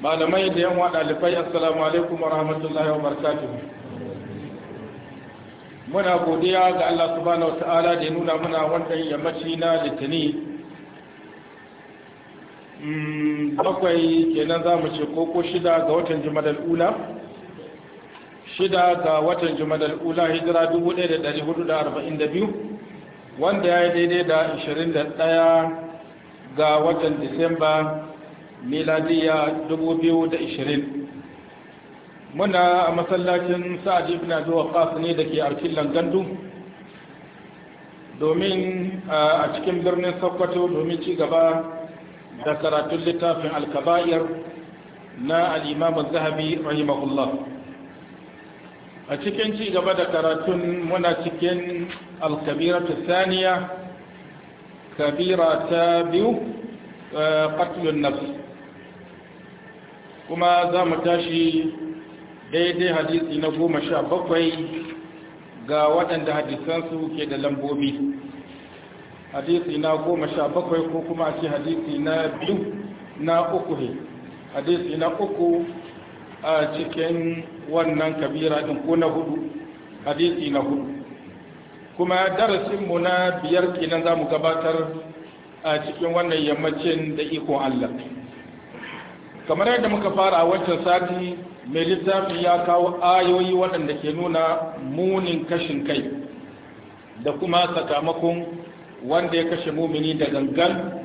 malamai da yan ɗalibai assalamu alaikum wa rahmatullahi wa barakatuh muna godiya ga Allah subhanahu wata'ala da ya nuna muna wannan yammaci na litini hmm, bakwai kenan za mu ce koko shida ga watan jimadal ula shida ga watan jimadal ula hijira 1442 wanda ya yi daidai da 21 ga watan disamba miladiya 2020 muna a masallacin sa'ad ibn abi ne da ke arkillan gandu domin a cikin birnin sokoto domin ci gaba da karatun littafin Alkabayar na al'imamu zahabi rahimahullah a cikin ci gaba da karatun muna cikin alkabiratu saniya kabira ta biyu katilun nafs kuma za mu tashi daidai hadisi na goma sha bakwai ga waɗanda hadisansu ke da lambobi hadisi na goma sha bakwai ko kuma a ce hadisi na biyu na uku ne hadisi na uku a cikin wannan kabira ɗin ko na hudu hadisi na hudu kuma darasinmu na biyar kenan za mu gabatar a cikin wannan yammacin da ikon allah kamar yadda muka fara a wancan sati mai littafin ya kawo ayoyi waɗanda ke nuna munin kashin kai da kuma sakamakon wanda ya kashe mumini da gangan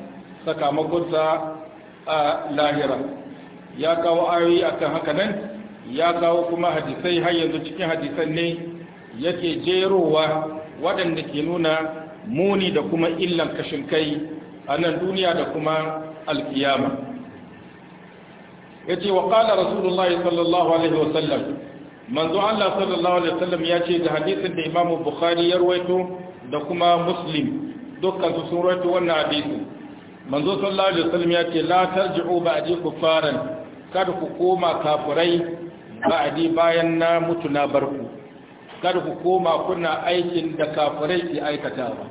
sakamakonsa a lahira ya kawo ayoyi akan haka nan ya kawo kuma hadisai har yanzu cikin hadisan ne yake jerowa waɗanda ke nuna muni da kuma illan kashin kai a nan duniya da kuma alkiyama. yace wa qala rasulullahi sallallahu alaihi wasallam manzo Allah sallallahu alaihi wasallam ya ce da hadisin da Imam Bukhari ya rawaito da kuma Muslim dukkan su sun rawaito wannan hadisin manzo sallallahu alaihi wasallam ya ce la tarji'u ba'di kufaran kada ku koma kafirai ba'di bayan na mutu na barku kada ku koma kuna aikin da kafirai ke aikatawa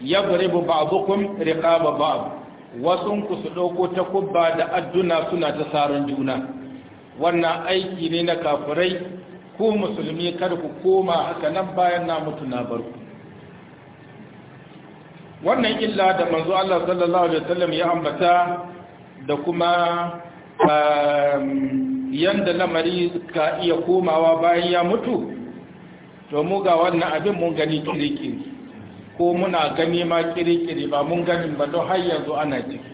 yadribu ba'dukum riqaba ba'd ku su ɗauko ta kubba da adduna suna ta saran juna wannan aiki ne na kafirai ku musulmi kar ku koma haka nan bayan na mutu na bar ku. wannan illa da manzo Allah sallallahu alaihi wasallam ya ambata da kuma um, yanda lamari ka iya komawa bayan ya mutu to mu ga wannan abin mun gani kirikiri ko muna gani ma kirikiri ba mun gani ba don har yanzu ana ciki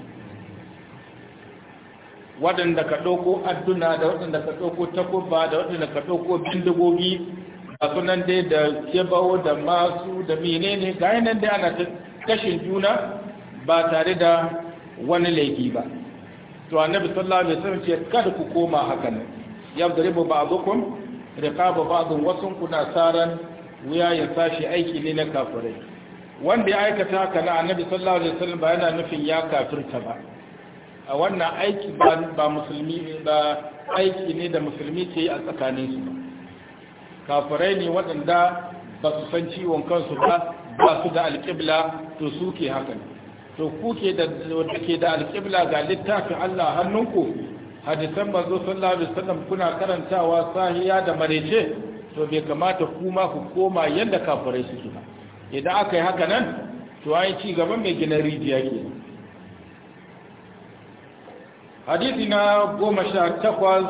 waɗanda ka ɗauko adduna da waɗanda ka ɗauko takuba da waɗanda ka ɗauko bindigogi a nan dai da kebawo da masu da menene ga nan dai ana kashin juna ba tare da wani laifi ba to annabi sallallahu alaihi wasallam ce kada ku koma hakan yadribu ba'dukum riqaba ba'dun wasun kuna saran wuya ya sashi aiki ne na kafirai wanda ya aikata haka na annabi sallallahu alaihi wasallam ba yana nufin ya kafirta ba a wannan aiki ba musulmi ba aiki ne da musulmi ke yi a tsakanin su kafirai ne waɗanda ba su san ciwon kansu ba ba su da alƙibla to su ke haka to ku ke da ke da alƙibla ga littafin Allah hannunku hadisan manzo sallallahu alaihi wasallam kuna karantawa sahiya da marece to bai kamata kuma ku koma yadda kafirai suke ba idan aka yi haka nan to ai ci gaban mai gina rijiya ke hadisi na goma sha takwas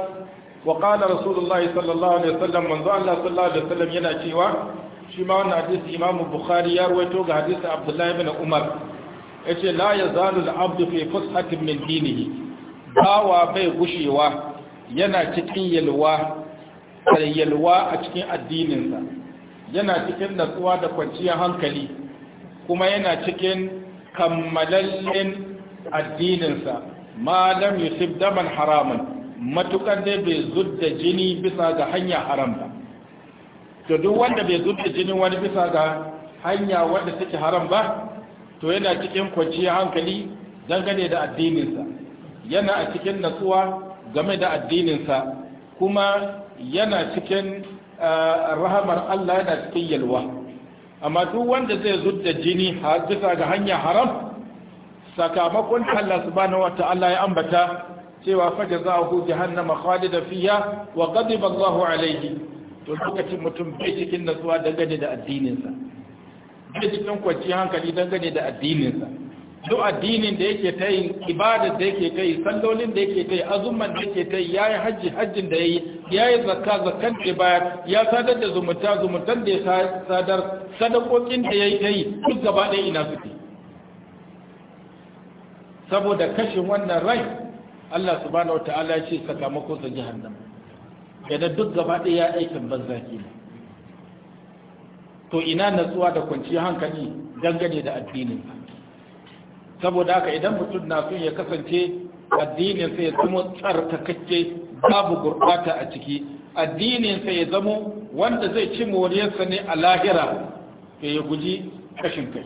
wa kala rasulullahi sallallahu alaihi sallam, manzo Allah sallallahu alaihi sallam yana cewa shi ma wannan hadisi imamu bukhari ya ruwaito ga hadisi abdullahi ibn umar yace la yazalu al-abdu fi fushatin min dinihi bawa bai gushewa yana cikin yalwa yalwa a cikin addininsa yana cikin natsuwa da kwanciyar hankali kuma yana cikin kammalallin addininsa malam yusuf daman haramun matukar dai bai zudda jini bisa ga hanya haram ba to duk wanda bai zudda jini wani bisa ga hanya wanda take haram ba to yana cikin kwanciyar hankali dangane da addininsa yana a cikin natsuwa game da addininsa kuma yana cikin Eh, rahamar Allah yana cikin yalwa amma duk wanda zai zudda jini har bisa ga hanya haram sakamakon Allah subhanahu wata'ala ya ambata cewa faja za a hu jahannama khalida fiya wa qadiba Allahu alayhi to lokacin mutum bai cikin natsuwa dangane da addininsa bai cikin kwanciyar hankali dangane da addininsa duk addinin da yake ta yi ibadar da yake ta yi sallolin da yake ta yi azumman da yake ta yi ya yi hajji hajjin da ya yi ya yi zakka zakkan da bayar, ya sadar da zumunta zumuntan da ya sadar sadakokin da ya yi ta yi duk gaba ɗaya ina ke saboda kashin wannan rai Allah subhanahu wata'ala ya ce sakamakon sa jahannam yadda duk gaba ɗaya aikin banza ne to ina natsuwa da kwanciyar hankali dangane da addinin saboda haka idan mutum na son ya kasance addinin sai ya zama tsarkakakke babu gurɓata a ciki addininsa ya zama wanda zai ci moriyarsa ne a lahira to ya guji kashin kai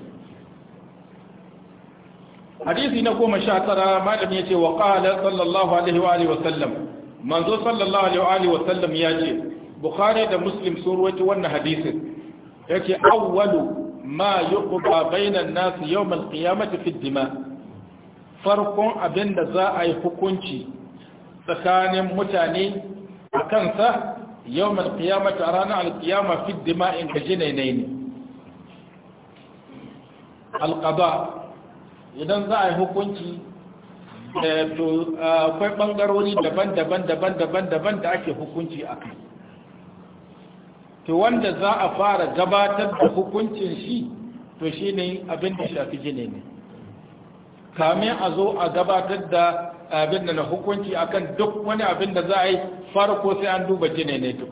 hadisi na goma sha tara malam ya ce wa ƙala sallallahu alaihi wa alihi wasallam manzo sallallahu alaihi wa alihi wasallam ya ce bukhari da muslim sun ruwaci wannan hadisin yake ce awwalu ma yuqba bainan nas yawm alqiyamati fi dima farkon abinda za a yi hukunci tsakanin mutane a kansa yawm a ranar alqiyama fi dima in ka jinainai ne alqada idan za a yi hukunci eh, to akwai bangarori daban-daban daban-daban daban da ake hukunci a kai to wanda za a fara gabatar da hukuncin shi to shi ne abin da shafi jini ne kamin a zo a gabatar da abin da na hukunci akan duk wani abin da za a yi farko sai an duba jini ne duk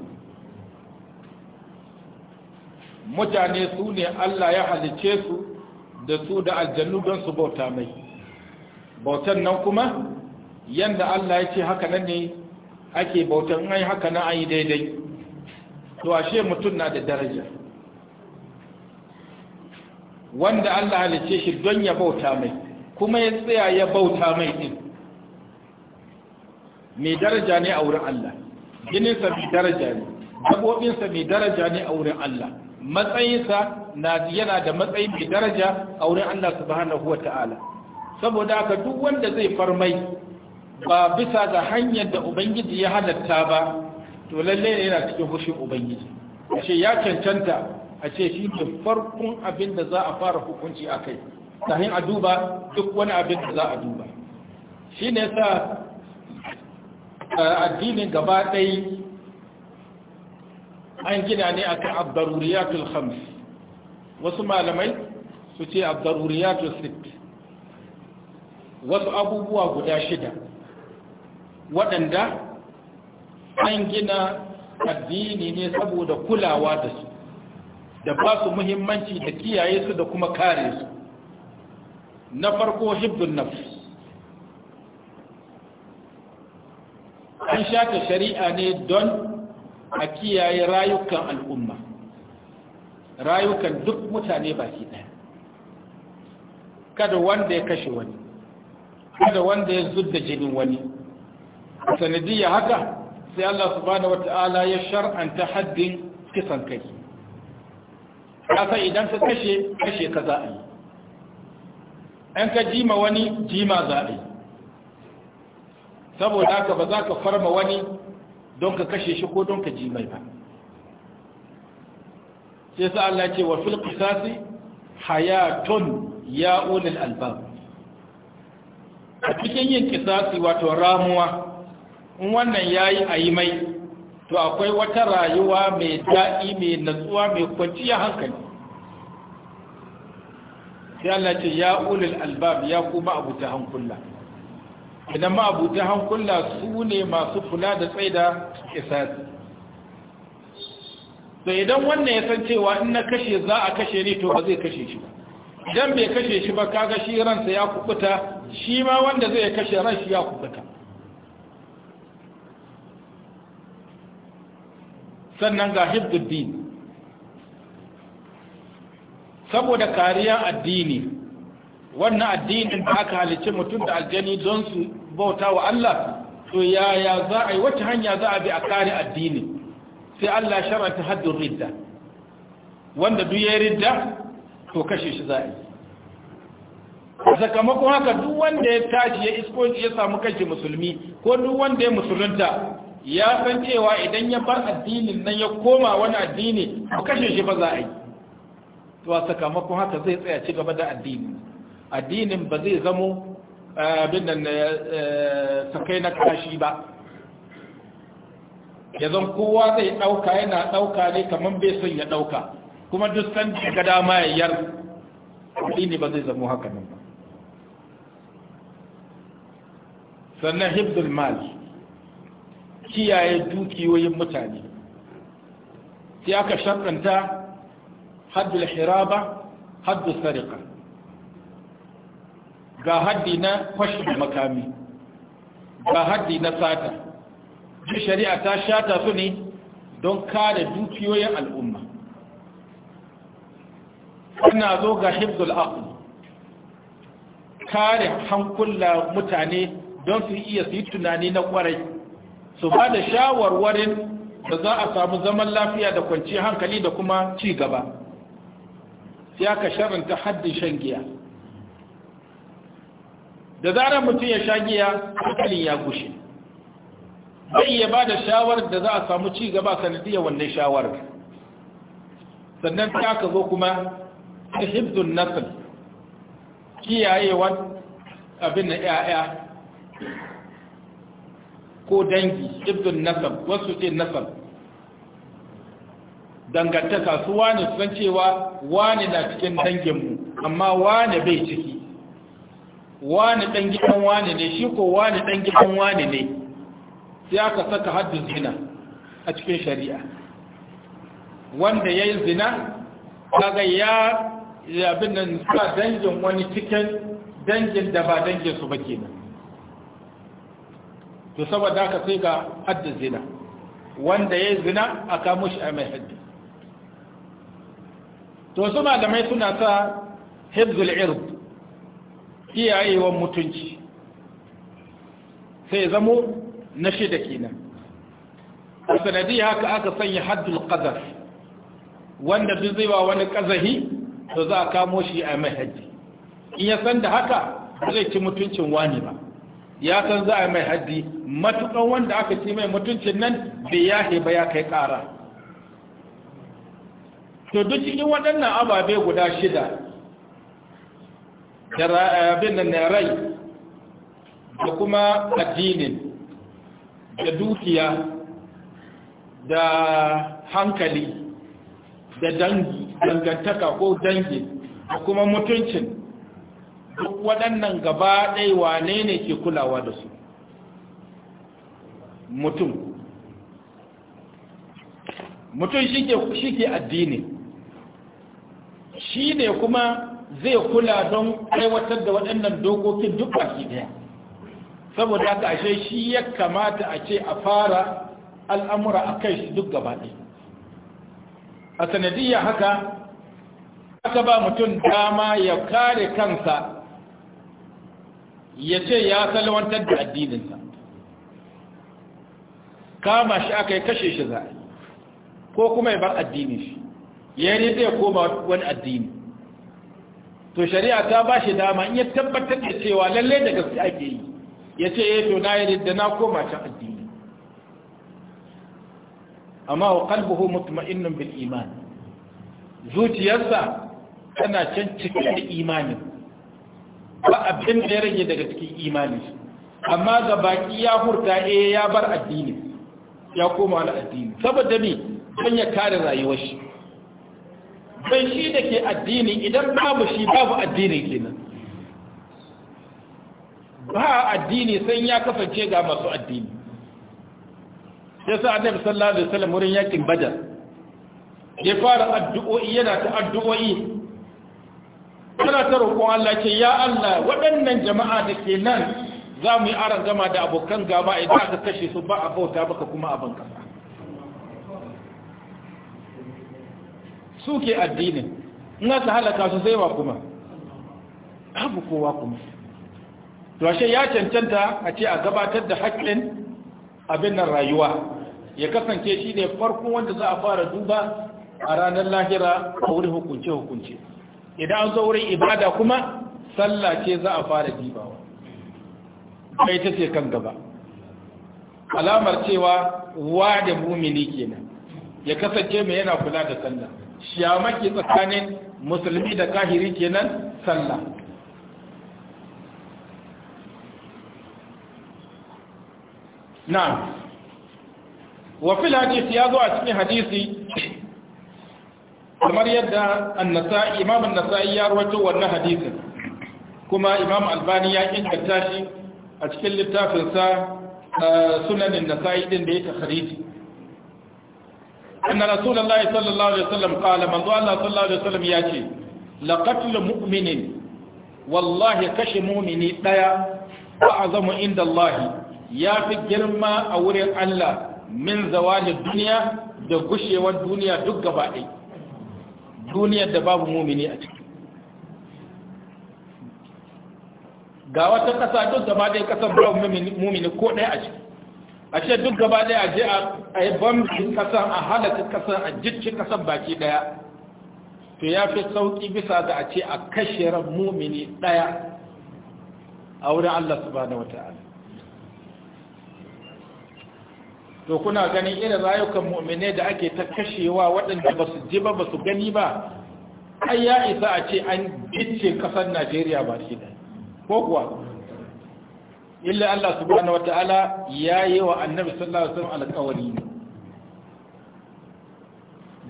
mutane su ne Allah ya halice su da su da aljannu don su bauta mai bautan nan kuma yanda Allah ya ce haka nan ne ake bautan ai haka nan ai daidai to ashe mutum na da daraja wanda Allah halice shi don ya bauta mai kuma ya tsaya ya bauta mai din mai daraja ne a wurin Allah jininsa mai daraja ne dabobinsa mai daraja ne a wurin Allah matsayinsa na yana da matsayi mai daraja a wurin Allah subhanahu wata'ala saboda haka duk wanda zai farmai ba bisa ga hanyar da ubangiji ya halatta ba to lalle ne yana cikin hushin ubangiji a ce ya cancanta a ce shi da farkon abin da za a fara hukunci a kai sahin a duba duk wani abin da za a duba shi ne sa addinin gaba ɗai an gina ne akan abdaruriyatul khams wasu malamai su ce abdaruriyatul sit wasu abubuwa guda shida waɗanda an gina addini ne saboda kulawa da su da ba su muhimmanci da kiyaye su da kuma kare su na farko hibdun nafs an shata shari'a ne don a kiyaye rayukan al'umma rayukan duk mutane baki ɗaya kada wanda ya kashe wani kada wanda ya zudda jinin wani sanadiyya haka sai Allah subhanahu wata'ala ya shar'anta haddin kisan kai kasa idan ka kashe kashe ka za a yi an ka jima wani jima za a yi saboda haka ba za ka farma wani don ka kashe shi ko don ka ji ba sai sa Allah ce wa fil qisasi hayatun ya ulul albab a cikin yin kisasi wato ramuwa in wannan ya yi a yi mai to akwai wata rayuwa mai daɗi mai natsuwa mai kwanciya hankali sai Allah ce ya ulul albab ya kuma abuta hankula idan ma hankula su ne masu kula da tsaida isasi to idan wannan ya san cewa in na kashe za a kashe ni to ba zai kashe shi ba idan bai kashe shi ba kaga shi ransa ya kubuta shi ma wanda zai kashe ran shi ya kubuta sannan ga hibduddin saboda kariya addini wannan addinin da aka halicci mutum da aljani don su bauta wa Allah to yaya za a yi wacce hanya za a bi a kare addini sai Allah sharanta haddun ridda wanda duk ya ridda to kashe shi za a yi sakamakon haka duk wanda ya tashi ya isko ya samu kashe musulmi ko duk wanda ya musulunta ya san cewa idan ya bar addinin nan ya koma wani addini a kashe shi ba za a yi to a sakamakon haka zai tsaya ci gaba da addini addinin ba zai zamo eh, abin nan eh, eh, sakai na kashi ba ya zan kowa zai ɗauka yana ɗauka ne kamar bai son ya ɗauka kuma duk san daga dama ya yar addini ba zai zamo haka nan ba sannan hibdul mali kiyaye dukiyoyin mutane sai aka sharɗanta haddul hiraba haddu sarika ga haddi na kwashe makami ga haddi na sata duk shari'a ta shata su ne don kare dukiyoyin al'umma ana zo ga hibdul aql kare hankula mutane don su iya su yi tunani na kwarai su ba da shawarwarin da za a samu zaman lafiya da kwanciyar hankali da kuma ci gaba sai aka sharanta haddin shan giya da zarar mutum ya sha giya hankalin ya gushe bai iya ba da shawarar da za a samu ci gaba sanadiyar wannan shawarar sannan ta aka zo kuma ta hibdun nasir kiyayewan abin na 'ya'ya ko dangi ibdun nasab wasu ce nasab dangantaka su wane san cewa wane na cikin danginmu amma wane bai ciki wane dan gidan ne shi ko wane dan gidan ne sai aka saka haddin zina a cikin shari'a wanda ya yi zina kaga ya abin nan sa dangin wani cikin dangin da ba dangin su ba kenan to saboda haka sai ga hadda zina wanda ya zina a kamo shi a mai haddi to su malamai suna sa hibzul ird iyayewan mutunci sai zamo na shida kenan a sanadiyya haka aka sanya haddul qadar wanda duk zai ba wani kazahi to za a kamo shi a mai haddi in ya san da haka zai ci mutuncin wani ba ya san za a mai haddi matukan wanda aka ci mai mutuncin nan bai yahe ba ya kai ƙara to duk cikin waɗannan ababe guda shida da abin nan na rai da kuma addinin da dukiya da hankali da dangi dangantaka ko dangi da kuma mutuncin duk waɗannan gaba ɗai wane ne ke kulawa da su mutum mutum shi ke addini shi ne kuma zai kula don aiwatar da waɗannan dokokin duk baki ɗaya saboda haka ashe shi ya kamata a ce a fara al'amura a kai shi duk gaba ɗaya a sanadiyya haka aka ba mutum dama ya kare kansa ya ce ya salwantar da addininsa kama shi aka yi kashe shi za ko kuma ya bar addini shi ya yi zai koma wani addini to shari'a ta ba shi dama in ya tabbatar da cewa lallai da gaske ake yi ya ce ya eh, to na yi da na koma can addini amma wa kalbuhu mutma'innun bil iman zuciyarsa tana can cikin imanin ba abin da ya rage daga cikin imani amma ga baki ya hurta eh ya bar addini ya koma wani addini saboda me don ya kare rayuwar shi don shi da ke addini idan babu shi babu addini kenan ba addini sai ya kasance ga masu addini ya sa annabi sallallahu alaihi wasallam wurin yakin badar ya fara addu'o'i yana ta addu'o'i tana ta roƙon Allah ce ya Allah waɗannan jama'a da ke nan za mu yi aron gama da abokan gaba idan aka kashe su ba a bauta baka kuma abin kasa su ke addinin in aka halaka su sai wa kuma abu kowa kuma to ashe ya cancanta a ce a gabatar da haƙƙin abin nan rayuwa ya kasance shi ne farko wanda za a fara duba a ranar lahira a wurin hukunce-hukunce idan an zo wurin ibada kuma sallah ce za a fara dibawa kai ta ce kan gaba alamar cewa wa da mumini kenan ya kasance mai yana kula da sallah ke tsakanin musulmi da kahiri kenan sallah na wa fil ya zo a cikin hadisi kamar yadda annasa'i imam annasa'i ya rawaito wannan hadisin kuma imam albani ya inganta shi a cikin littafinsa eh, sunanin nasa'i din da ya takhriji anna rasulullahi sallallahu alaihi wasallam qala manzo Allah sallallahu alaihi wasallam ya ce laqatul mu'minin wallahi kashi mu'mini daya wa azamu inda Allah ya fi girma a wurin Allah min zawalin duniya da gushewar duniya duk gaba ɗaya duniyar da babu mumini a ciki ga wata ƙasa duk gaba ɗaya ƙasar babu mumini ko ɗaya a ciki a ce duk gaba ɗaya a je a yi bambin ƙasar a halarci ƙasar a jicci ƙasar baki ɗaya to ya fi sauƙi bisa ga a ce a kashe ran mumini ɗaya a wurin Allah subhanahu ta'ala to kuna ganin irin rayukan mu'mine da ake ta kashewa waɗanda ba su ji ba ba su gani ba ai ya isa a ce an gice ƙasar najeriya ba shi da ko kuwa illa allah subhanahu wa ta'ala ya yi wa annabi sallallahu alaihi wasallam alƙawari ne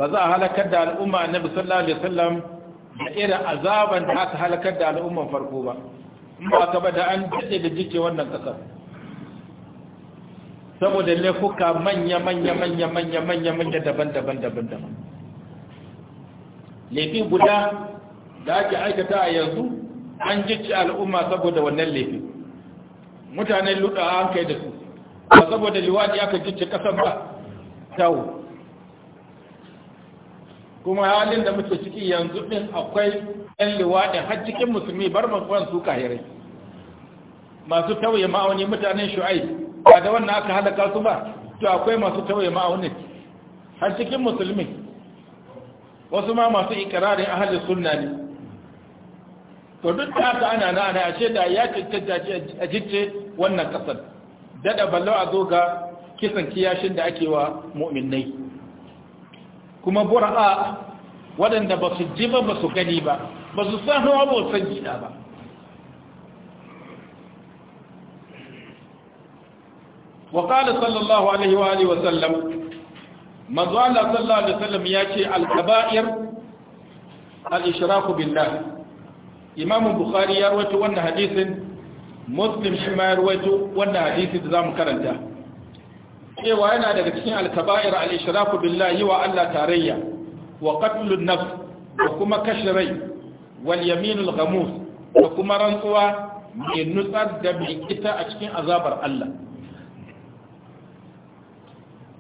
ba za a halakar da al'umma annabi sallallahu alaihi wasallam da irin azaban da aka halakar da al'umman farko ba in ba ka ba da an daɗe da jike wannan ƙasar saboda laifuka manya manya manya manya manya manya daban daban daban daban Laifin guda da ake aikata a yanzu an jicci al'umma saboda wannan laifin. mutanen luɗa an kai da su ba saboda liwadi aka jicci ƙasar ba tawo kuma halin da muke ciki yanzu ɗin akwai ɗan liwaɗin har cikin musulmi bar makon su kahirai masu tauye ma'auni mutanen shu'ai ba da wannan aka halaka su ba to akwai masu tauye ma'aunin har cikin musulmi wasu ma masu ikirarin ahalin sunna ne to duk da haka ana na ana ashe da ya cancanta a jicce wannan kasar dada ballo a zo ga kisan kiyashin da ake wa mu'minnai kuma bura'a waɗanda ba su ji ba ba su gani ba ba su san hawa ba su san gida ba wa qala sallallahu alaihi wa alihi wa sallam manzo Allah sallallahu alaihi ce al-kaba'ir al-ishraku billah imam bukhari ya rawaito hadisin muslim shi ma ya rawaito wannan hadisi da zamu karanta cewa yana daga cikin al-kaba'ir al-ishraku billah yi wa Allah tarayya wa qatlun nafs da kuma kashe rai wal yaminul da kuma rantsuwa mai nutsar da mai ita a cikin azabar Allah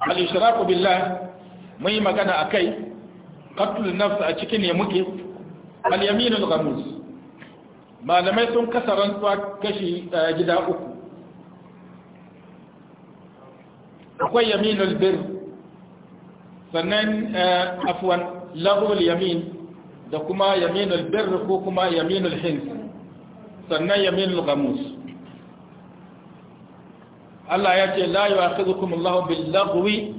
al-ishraku billah mai magana akai qatlun nafs a cikin ne muke al-yaminul ghamus malamai sun kasaran rantsuwa kashi eh, gida uku akwai yaminul bir sannan eh, afwan al yamin da kuma yaminul bir ko kuma yaminul hins sannan yaminul ghamus Allah ya ce la yi yu'akhidhukum Allahu bil laghwi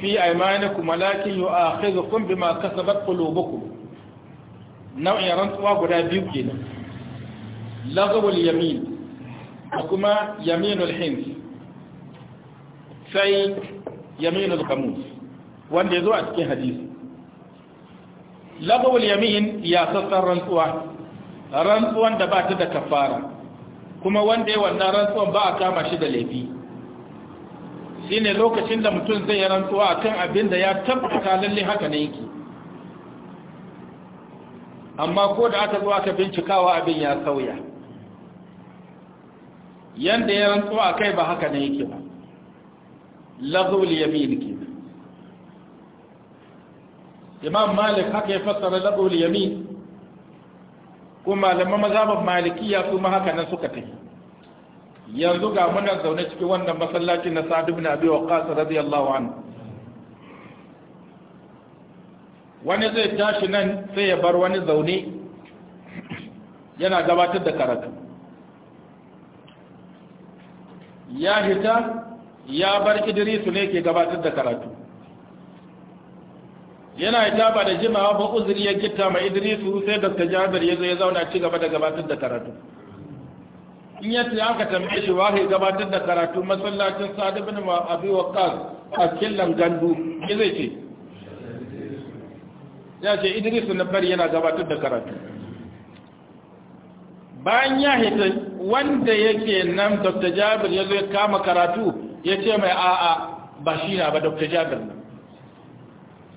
fi aymanikum walakin yu'akhidhukum bima kasabat qulubukum nau'in rantsuwa guda biyu kenan laghwul yamin da kuma yaminul hind sai yaminul kamus wanda ya zo a cikin hadisi lagawul yamin ya sassan rantsuwa rantsuwan da ba ta da kafara kuma wanda ya wannan rantsuwan ba a kama shi da laifi shi ne lokacin da mutum zai yi rantsuwa a kan abin da ya tabbata lalle haka ne yake amma ko da aka zo aka bincikawa abin ya sauya yanda ya rantsuwa a kai ba haka ne yake ba lazul yamin ke imam malik haka ya fassara lazul yamin ko malaman mazhabin malikiya su ma haka nan suka tafi yanzu ga muna zaune cikin wannan masallaci na Sa'd ibn Abi Waqqas radiyallahu anhu wani zai tashi nan sai ya bar wani zaune yana gabatar da karatu ya hita ya bar idrisu ne ke gabatar da karatu yana taba da jimawa ba uzuri ya gitta mai idrisu sai dr jabir ya zo ya zauna ci gaba da gabatar da karatu in ya ce aka tambaye shi wahi gabatar da karatu masallacin sa'ad ibn abi waqqas a killan gandu ya zai ce ya ce idrisu na fari yana gabatar da karatu bayan ya hita wanda yake nan dr jabir ya zo ya kama karatu ya ce mai a'a ba shi na ba dr jabir na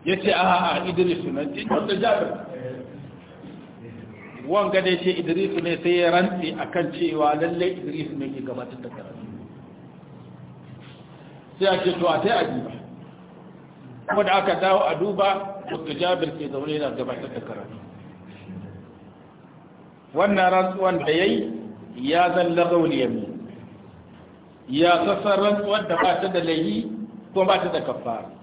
ya ce a a idris na ce da jabir wanga da ya ce idris ne sai ya rantse a kan cewa lallai Idris ne ke gabatar da karatu sai a ce to a ta yi adiba kuma da aka dawo a duba dr jabir ke zaune yana gabatar da karatu wannan rantsuwan da ya yi ya zalla gauliyar ne ya sassan rantsuwan da ba ta da layi ko ba ta da kafara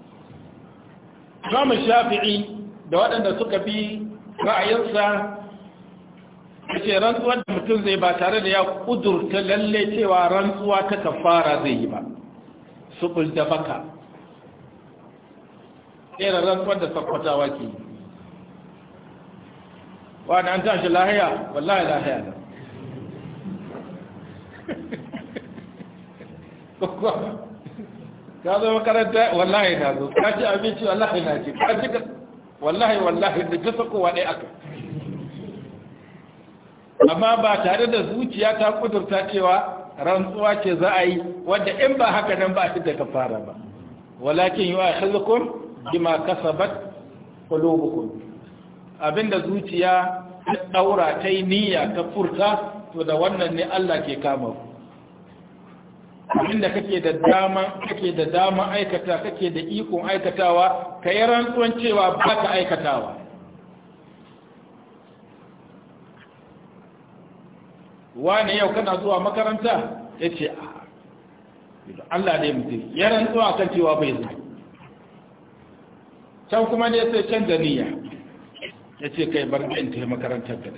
Imam Shafi'i da waɗanda suka bi ra'ayinsa yace rantsuwar da mutum zai ba tare da ya kudurta lalle cewa rantsuwa ta kafara zai yi ba subul da baka irin rantsuwar da sakwatawa ke yi wani an tashi lahiya wallahi lahiya da ka zo makaranta wallahi na zo ka ci abinci wallahi na ci ka ci wallahi wallahi da jisa ko wa ɗaya aka amma ba tare da zuciya ta kudurta cewa rantsuwa ce za a yi wadda in ba haka nan ba shi da fara ba walakin yi wa shirkun bima kasabat qulubukum abinda zuciya ta daura ta yi niyya ta furta to da wannan ne Allah ke kama ku da kake da dama kake da dama aikata kake da ikon aikatawa ka yi rantsuwan cewa ba ka aikatawa Wani yau kana zuwa makaranta ya ce Allah ne mutum ya rantsuwa kan cewa bai zuwa can kuma ne sai canza niyya ya ce kai bar ɗin ta yi makarantar da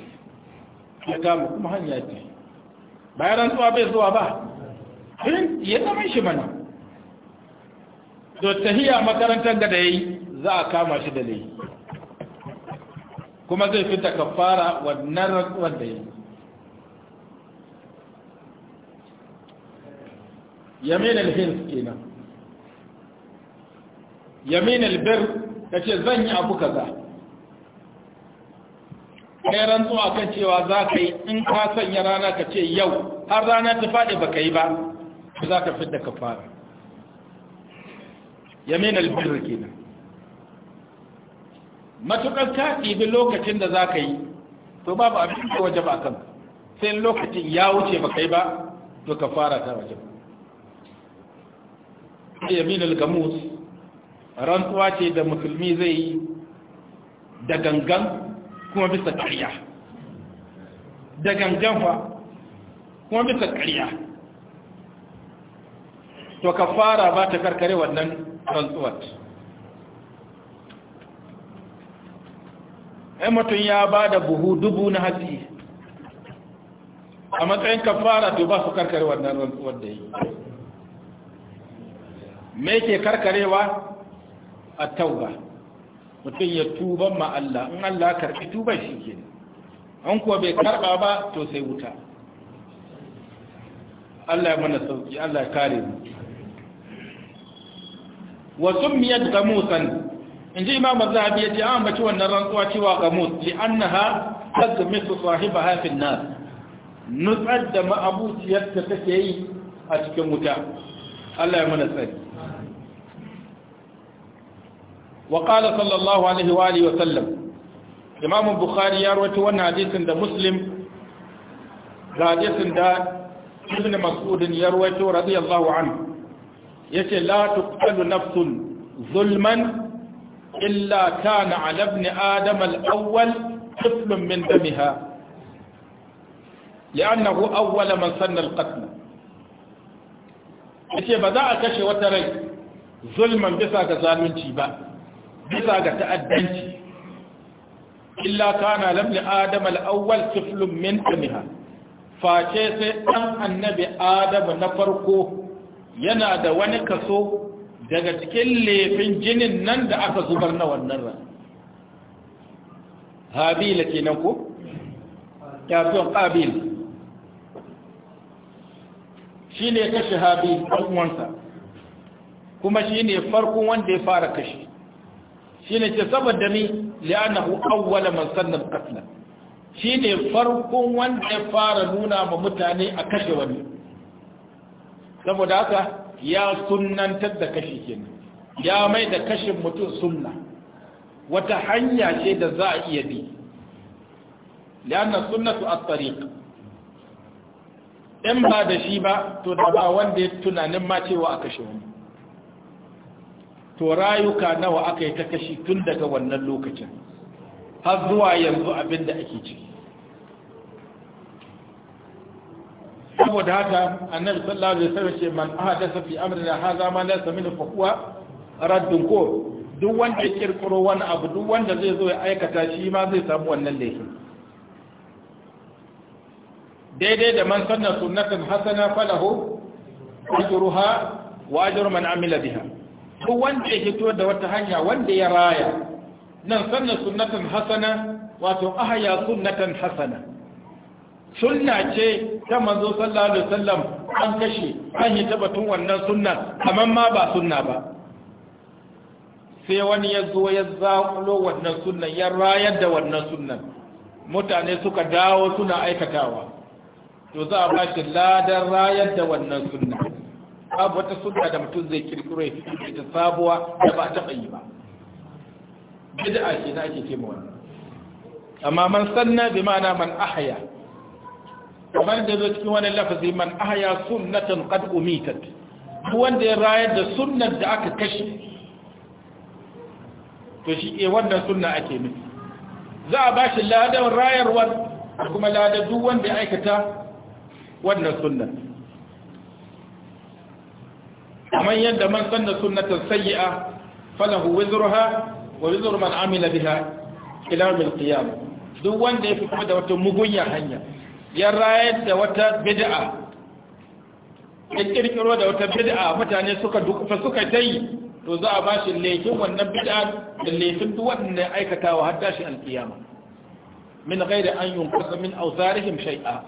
ya kama kuma hanya ce bayan rantsuwa bai zuwa ba ya zama shi mana da tahiya makarantar da da yi za a kama shi da lai kuma zai fita kafara wannan rakuwar da yi yamin alhins kenan yamin albir ta ce zan yi abu kaza kai rantsuwa kan cewa za ka yi in ka sanya rana ka ce yau har rana ta faɗi ba ka yi ba za ka fidda kafara yamin albirri kenan matukar ka ɗibi lokacin da za ka yi to babu abin da waje ba kan sai lokacin ya wuce ba kai ba to ka fara ta waje ba mena algamus rantsuwa ce da musulmi zai yi da gangan kuma bisa ƙarya da gangan fa kuma bisa ƙarya to ka fara ba ta karkare wannan rantsuwar ɗan mutum ya ba da buhu dubu na hatsi a matsayin ka fara to ba su karkare wannan rantsuwar da yi me ke karkarewa a tauba mutum ya tuban ma Allah in Allah karfi tuban shi ke an kuwa bai karɓa ba to sai wuta Allah ya mana sauki Allah ya kare mu wa summiyat gamusan in ji imam zahabi ya ce an baci wannan rantsuwa cewa gamus li'annaha tazmisu sahibaha fi nar nutsar da ma'abuciyar ta take yi a cikin wuta Allah ya mana tsari wa qala sallallahu alaihi wa alihi wa sallam imam bukhari ya rawaito wannan hadisin da muslim da hadisin da ibn mas'ud ya rawaito radiyallahu anhu yace la tuqtalu nafsun zulman illa kana ala ibn adam al-awwal tiflun min damiha لأنه man من سن القتل yace ba za a kashe wata rai zulman bisa ga zalunci ba bisa ga ta'addanci illa kana lam li adam al-awwal tiflun min ummiha face sai dan annabi adam na farko yana da wani kaso daga cikin laifin jinin nan da aka zubar na wannan ran habila kenan ko kafin qabil shine kashe habil dan uwansa kuma shine farkon wanda ya fara kashe shine ce saboda ni li'annahu awwala man sanna al shi shine farkon wanda ya fara nuna ma mutane a kashe wani saboda haka ya sunnantar da kashi kenan ya mai da kashin mutum sunna wata hanya ce da za a iya bi lianna sunnatu at-tariq in ba da shi ba to da ba wanda ya tunanin ma cewa a kashe wani to rayuka nawa aka yi ta kashi tun daga wannan lokacin har zuwa yanzu abinda da ake ciki saboda haka annabi sallallahu alaihi wasallam ce man ahadasa fi amrina hadha ma la minhu fa huwa raddun ko duk wanda ya kirkiro wani abu duk wanda zai zo ya aikata shi ma zai samu wannan laifin daidai da man sanna sunnatan hasana falahu ajruha wa ajru man amila biha duk wanda ya fito da wata hanya wanda ya raya nan sanna sunnatan hasana wato ahya sunnatan hasana sunna ce ta manzo sallallahu alaihi wasallam an kashe an yi tabbatun wannan sunna amma ma ba sunna ba sai wani ya zo ya zaƙulo wannan sunnan ya rayar da wannan sunnan mutane suka dawo suna aikatawa to za a ba shi ladan rayar da wannan sunna babu wata sunna da mutum zai kirkiro ya ta sabuwa da ba taɓa yi ba bid'a ce na ake ce wannan amma man sanna bi ma'ana man ahya kamar da zo cikin wani lafazi man ahya sunnatan qad umitat wanda ya rayar da sunnar da aka kashe to shi ke wannan sunna ake nufi za a bashi ladan rayarwar kuma ladan duk wanda ya aikata wannan sunna kamar yadda man sanna sunnatan sayyi'a falahu wizruha wa wizru man amila biha ila yawm al-qiyamah duk wanda ya fi kuma da wata mugunya hanya ya rayar da wata bid'a ya kirkiro da wata bid'a mutane suka dukufa suka dai to za a bashi laifin wannan bid'a da laifin duk wanda aikatawa hadda shi alkiyama min ghairi an yunqasa min awsarihim shay'a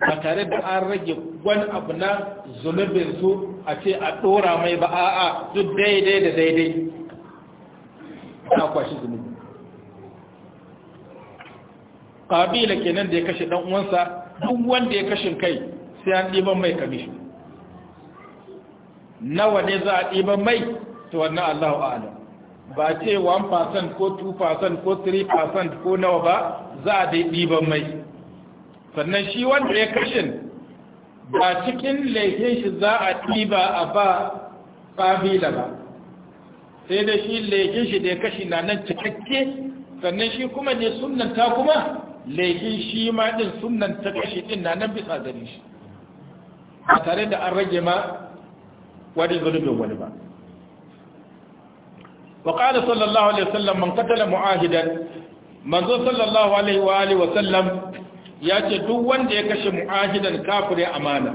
ba tare da an rage wani abu na zulubin su a ce a dora mai ba a'a duk daidai da daidai ta kwashi zunubi kabila kenan da ya kashe dan uwansa duk wanda ya kashe kai sai an ɗiban mai kamishi nawa ne za a ɗiban mai to wannan Allahu a'lam ba ce 1% ko 2% ko 3% ko nawa ba za a dai ɗiban mai sannan shi wanda ya kashe ba cikin laifin shi za a ɗiba a ba kabila ba sai da shi laifin shi da ya kashe na nan cikakke sannan shi kuma ne sunanta kuma laifin shi ma din sunan ta kashi din na nan bisa gare shi ba tare da an rage ma wani zunubin wani ba وقال صلى الله عليه وسلم من قتل معاهدا من صلى الله عليه وآله وسلم ياتي دو وند يكشي معاهدا كافر أمانة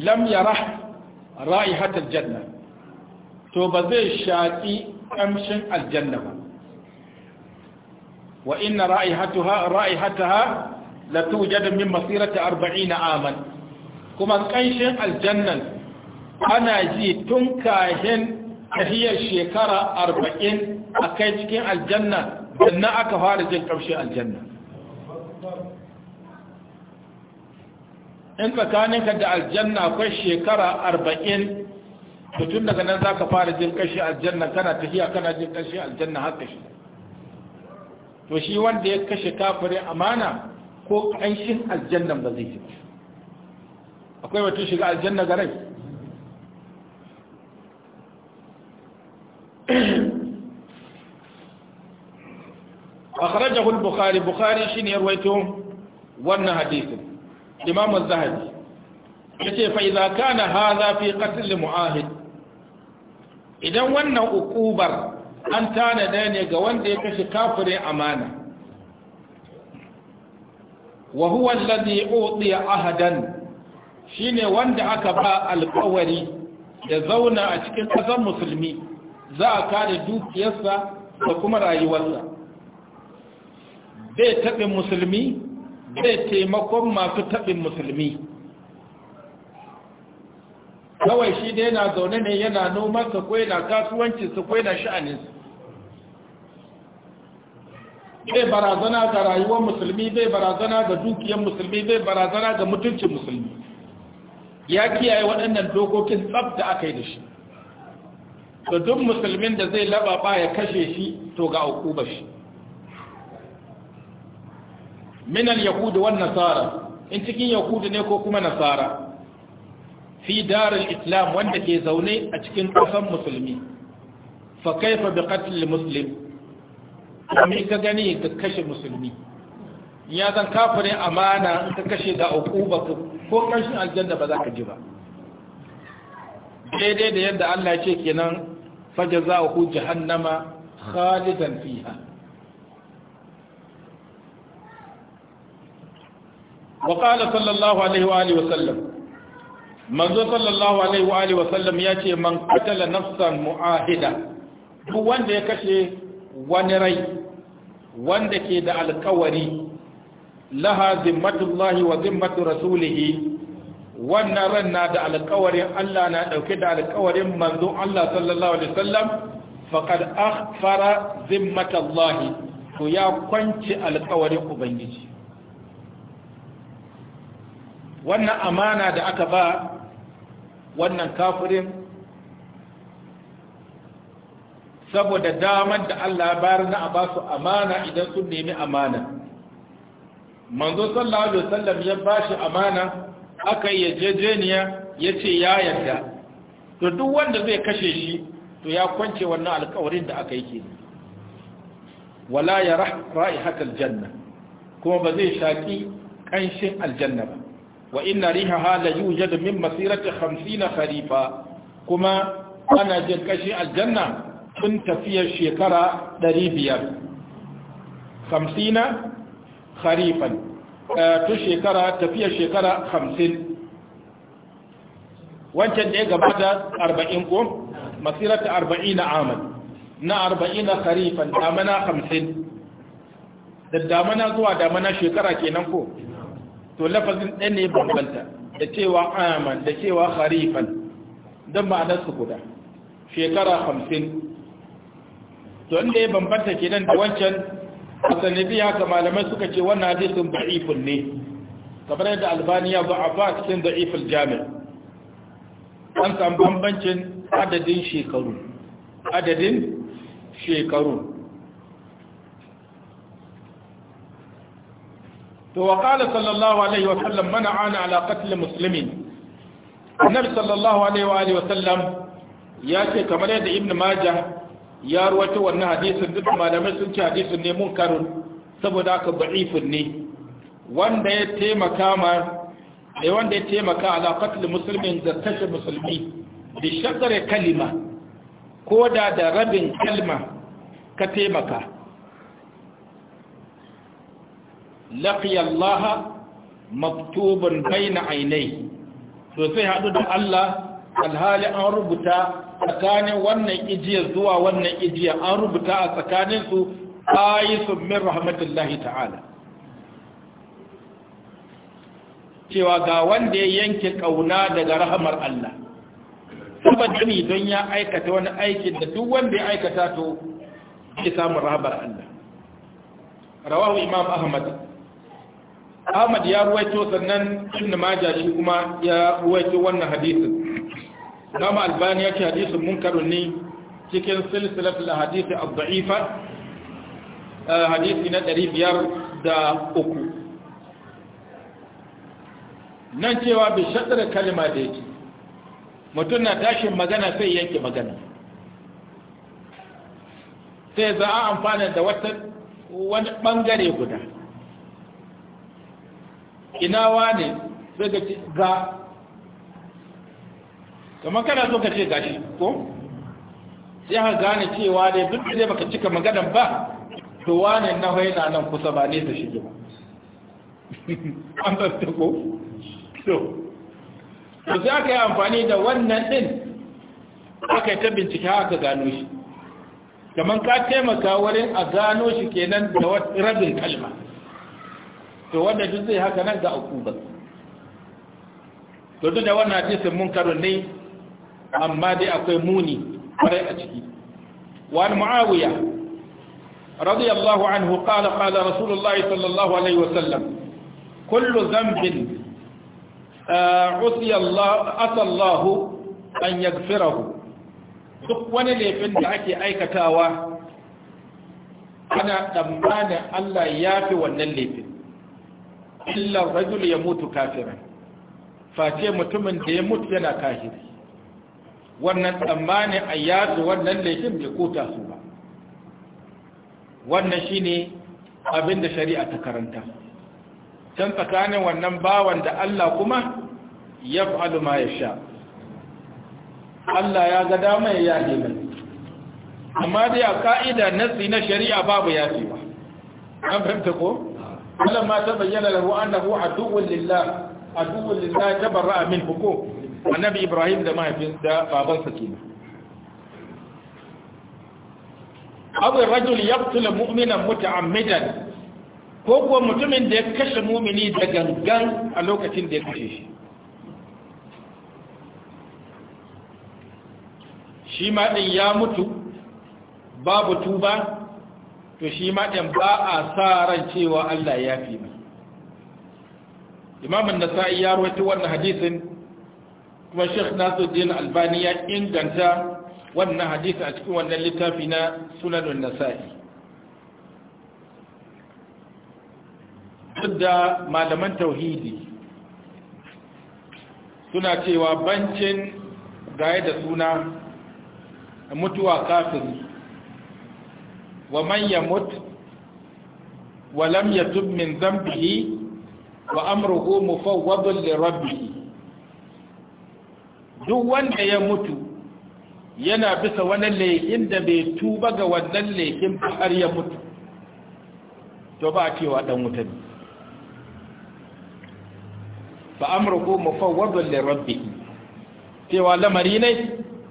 لم يرح رائحة الجنة to ba zai shaƙi kamshin aljanna ba wa inna ra'ihataha ra'ihataha la tujadu min masirati 40 aman kuma kanshin aljannan ana ji tun kahin tahiyar shekara 40 akai cikin aljanna sannan aka fara jin kamshin aljanna in tsakaninka da aljanna akwai shekara 40 to tun daga nan zaka fara jin kashi aljanna kana tafiya kana jin kashi aljanna to shi wanda ya kashe kafirin amana ko ƙanshin aljannan ba zai shiga akwai mutum shiga aljanna ga rai akhrajahu al-bukhari bukhari shine ya rawaito wannan hadisin imam az-zahabi yace fa idza kana hadha fi qatl mu'ahid idan wannan ukubar an tanada ne ga wanda ya kashe kafirin amana wa huwa alladhi utiya ahadan shine wanda aka ba alƙawari da zauna a cikin ƙasar musulmi za a kare dukiyarsa da kuma rayuwarsa bai taɓin musulmi bai taimakon masu taɓin musulmi kawai shi dai na zaune ne yana na ko yana kwai na sha'anin su zai barazana ga rayuwar musulmi zai barazana ga dukiyar musulmi zai barazana ga mutuncin musulmi ya kiyaye waɗannan dokokin tsab da aka yi da shi Da duk musulmin da zai laɓaɓa ya kashe shi to ga ukuba shi Minan yahudu wan nasara in cikin yahudu ne ko kuma nasara fi darul islam wanda ke zaune a cikin ƙasan musulmi fa kaifa bi qatl muslim me ka gani ka kashe musulmi ya zan kafirin amana in ka kashe ga uquba ko kashin aljanna ba za ka ji ba daidai da yadda Allah ya ce kenan fajazahu jahannama khalidan fiha wa qala sallallahu alaihi wa alihi wa sallam manzo sallallahu alaihi wa alihi wasallam ya ce man qatala nafsan mu'ahida duk wanda ya kashe wani rai wanda ke da alkawari laha zimmatullahi wa zimmatu rasulihi wannan ran na da alkawarin Allah na dauke da alkawarin manzo Allah sallallahu alaihi wasallam faqad akhfara zimmatallahi to ya kwanci alkawarin ubangiji wannan amana da aka ba wannan kafirin saboda damar da Allah bayar na a ba su amana idan sun nemi amana manzo sallallahu alaihi wasallam ya ba shi amana aka yi yajejeniya ya ce ya yarda to duk wanda zai kashe shi to ya kwance wannan alkawarin da aka yi ke wala ya ra'ihatal janna kuma ba zai shaki kanshin aljanna ba wa inna rihaha la yujadu min masirati 50 kharifa kuma ana jin kashi aljanna tun tafiyar shekara 500 50 kharifan eh, tun shekara tafiyar shekara 50 wancan da ya gabata 40 ko masirati 40 amal na 40 kharifan damana 50 da damana zuwa damana shekara kenan ko to lafazin ɗan ne bambanta da cewa aman da cewa harifan don ma'anar su guda shekara hamsin to inda ya bambanta kenan da wancan a sanadi haka malamai suka ce wannan hadisin da'ifun ne kamar yadda albaniya ba a ba cikin da'iful jami'a an samu bambancin adadin shekaru adadin shekaru to wa qala sallallahu alaihi wa sallam man ana ala qatl muslimin annabi sallallahu alaihi wa alihi wa sallam ya ce kamar yadda ibn majah ya ruwaito wannan hadisin duk malamai sun ce hadisin ne mun munkarun saboda aka da'ifin ne wanda ya taimaka ma ai eh, wanda ya taimaka ala qatl muslimin da kashe musulmi bi shakare kalima ko da da rabin kalma ka taimaka laqiya Allah maktubun baina ainai to sai hadu da Allah alhali an rubuta tsakanin wannan ijiya zuwa wannan ijiya an rubuta a tsakanin su ayisun min rahmatullahi ta'ala cewa ga wanda ya yanke kauna daga rahmar Allah saboda ni don ya aikata wani aikin da duk wanda ya aikata to ki samu rahamar Allah rawahu imam ahmad Ahmad ya ruwaito sannan Ibn Majah shi kuma ya ruwaito wannan hadisin. Kama Albani ce hadisin munkarun ne cikin silsilatul hadisi ad-da'ifa eh, hadisi na 503. Nan cewa bi shaddar kalma da yake. Mutum na tashin magana sai yanke magana. Sai za a amfana da wata wani bangare guda. ina wane sai ka ce ga kamar kana so ka ce shi ko sai ka gane cewa dai duk da baka cika maganan ba to wane na haina nan kusa ba ne da shige ba an ba ta ko So, to sai aka yi amfani da wannan din aka yi ta bincike aka gano shi kamar ka taimaka wurin a gano shi kenan da rabin kalma to wanda duk zai haka nan ga akuba to duk da wannan hadisin munkarun ne amma dai akwai muni kwarai a ciki wa muawiya radiyallahu anhu qala qala rasulullahi sallallahu alaihi wasallam kullu dhanbin عصي uh, الله duk wani laifin da ake aikatawa ana tsammanin Allah ya fi wannan laifin illa rajul ya mutu kafirin face mutumin da ya mutu yana kafiri wannan tsammani a yadda wannan laifin bai kota su ba wannan shine abin da shari'a ta karanta can tsakanin wannan bawan da Allah kuma ya fa'alu ma ya sha Allah ya ga dama ya yaje mai amma dai a ka'ida na na shari'a babu yafi ba an fahimta ko ولما تبين له أنه عدو لله عدو لله تبرأ من حقوق والنبي إبراهيم ده ما يفين ده بابا سكينة أو الرجل يقتل مؤمنا متعمدا ko متمن mutumin كش مؤمني kashe mumini da gangan a lokacin da ya kashe shi to shi ma ba a sa ran cewa Allah ya fi mai imamun nasa'i ya rufe wannan hadisin kuma sheikh nasuddin albani ya inganta wannan hadisin a cikin wannan littafi na sunanun nasa'i duk da malaman tauhidi suna cewa bancin gaya da suna mutuwa kafin. wa man yamut wa lam yatub min dhanbihi wa amruhu mufawwadun li rabbih duk wanda ya mutu yana bisa wani laifin da bai tuba ga wannan laifin har ya mutu to ba a cewa dan wuta ne fa amruhu mufawwadun da rabbi cewa lamari ne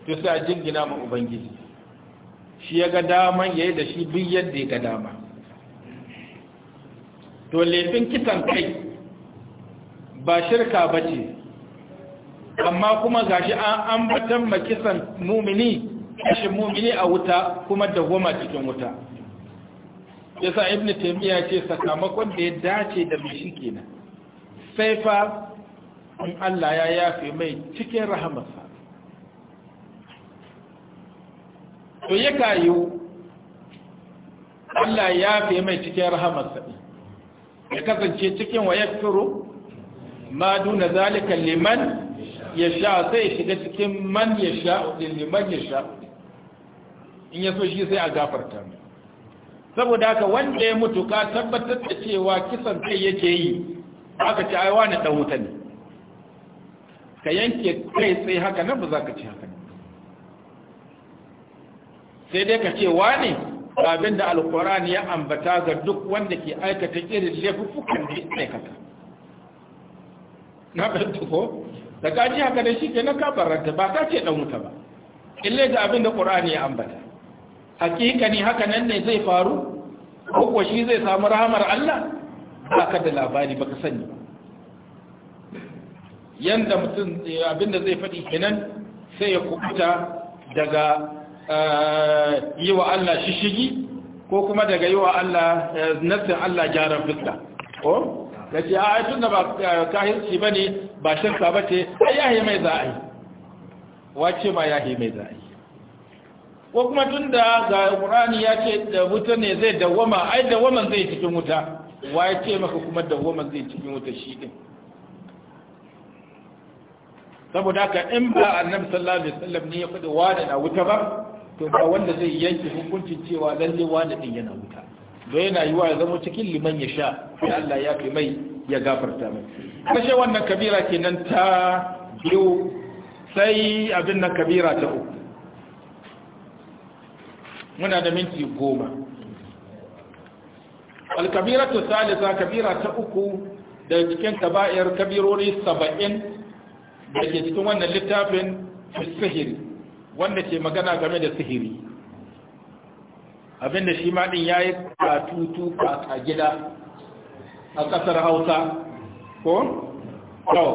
to sai a jingina ma ubangiji shi ya ga daman ya yi da shi duk yadda ya ga dama to laifin kisan kai ba shirka ba ce amma kuma shi an ambatan kisan mumini kashin mumini a wuta kuma da goma cikin wuta yasa ibn taimiyya ce sakamakon da ya dace da mai kenan sai fa in Allah ya yafe mai cikin rahamarsa to ya kayu Allah ya fi mai cikin rahamarsa ya kasance cikin wa turu ma duna zalika liman ya sha sai shiga cikin man ya sha liman ya sha in ya so shi sai a gafarta mai saboda haka wanda ya mutu ka tabbatar da cewa kisan kai yake yi aka ci aiwa na ɗan wuta ne ka yanke kai sai haka nan ba za ka ci haka ne sai dai ka ce wani abin da alkurani ya ambata ga duk wanda ke aikata irin laifukan da ya aikata na fahimta ko da ka ji haka da shi ke na kabaranta ba ta ce ɗan wuta ba ille da abin da ƙur'ani ya ambata hakikani haka nan ne zai faru ko shi zai samu rahamar Allah ba ka da labari ba ka sani ba yanda mutum abin da zai faɗi kenan sai ya kubuta daga yi wa Allah shishigi ko kuma daga yi wa Allah nassin Allah gyaran fuska ko da ce a tun da ba kahirci ba ne ba shirka ba ce a yahi mai za yi wace ma yahi mai za yi ko kuma tun da ga ƙurani ya ce da wuta ne zai dawwama ai dawwaman zai cikin wuta wa ya ce maka kuma dawwaman zai cikin wuta shi ɗin saboda ka in ba annabi sallallahu alaihi wasallam ne ya faɗi wa da na wuta ba to ba wanda zai yanke hukuncin cewa lalle wani din yana wuta don yana yiwa ya zama cikin liman ya sha sai Allah ya fi mai ya gafarta mai kashe wannan kabira kenan ta biyu sai abin nan kabira ta uku muna da minti goma alkabira ta salisa kabira ta uku da cikin kaba'ir kabirori saba'in da ke cikin wannan littafin sihiri wanda ke magana game da sihiri abinda shi ma din yayi katutu a gida a kasar Hausa ko to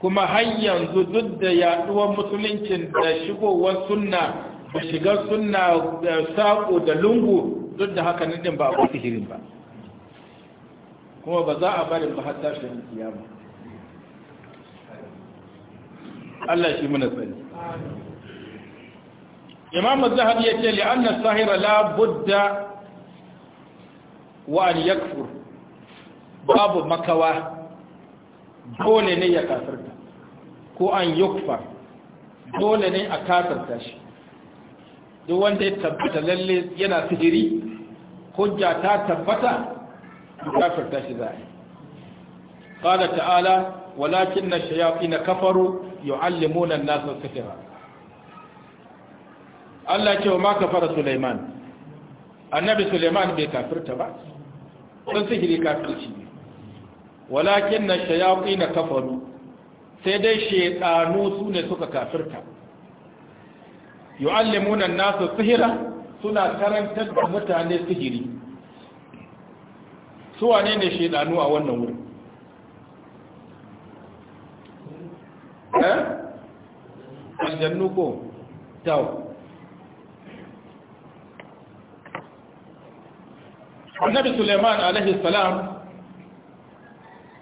kuma har yanzu duk da yaɗuwar musuluncin da shigowar sunna da shigar sunna da sako da lungu duk da haka din ba a sihirin ba kuma ba za a bari ba har tashin kiyama Allah shi muna tsari imam az-zahabi yace li anna sahira la budda wa an yakfur babu makawa dole ne ya kafirta ko an yukfar dole ne a kafirta shi duk wanda ya tabbata lalle yana sihiri hujja ta tabbata ya kafirta shi zai qala ta'ala walakin ash-shayatin kafaru yu'allimuna an-nasa as-sihra Allah ce wa maka fara Sulaiman annabi Sulaiman bai kafirta ba sun sihiri kafirci ne walakin na shayaƙi na kafaru sai dai shaidanu su ne suka kafirta yu'allimuna nasu sihira suna karantar da mutane sihiri su wane ne a wannan wuri eh ko tawo annabi suleiman alaihi salam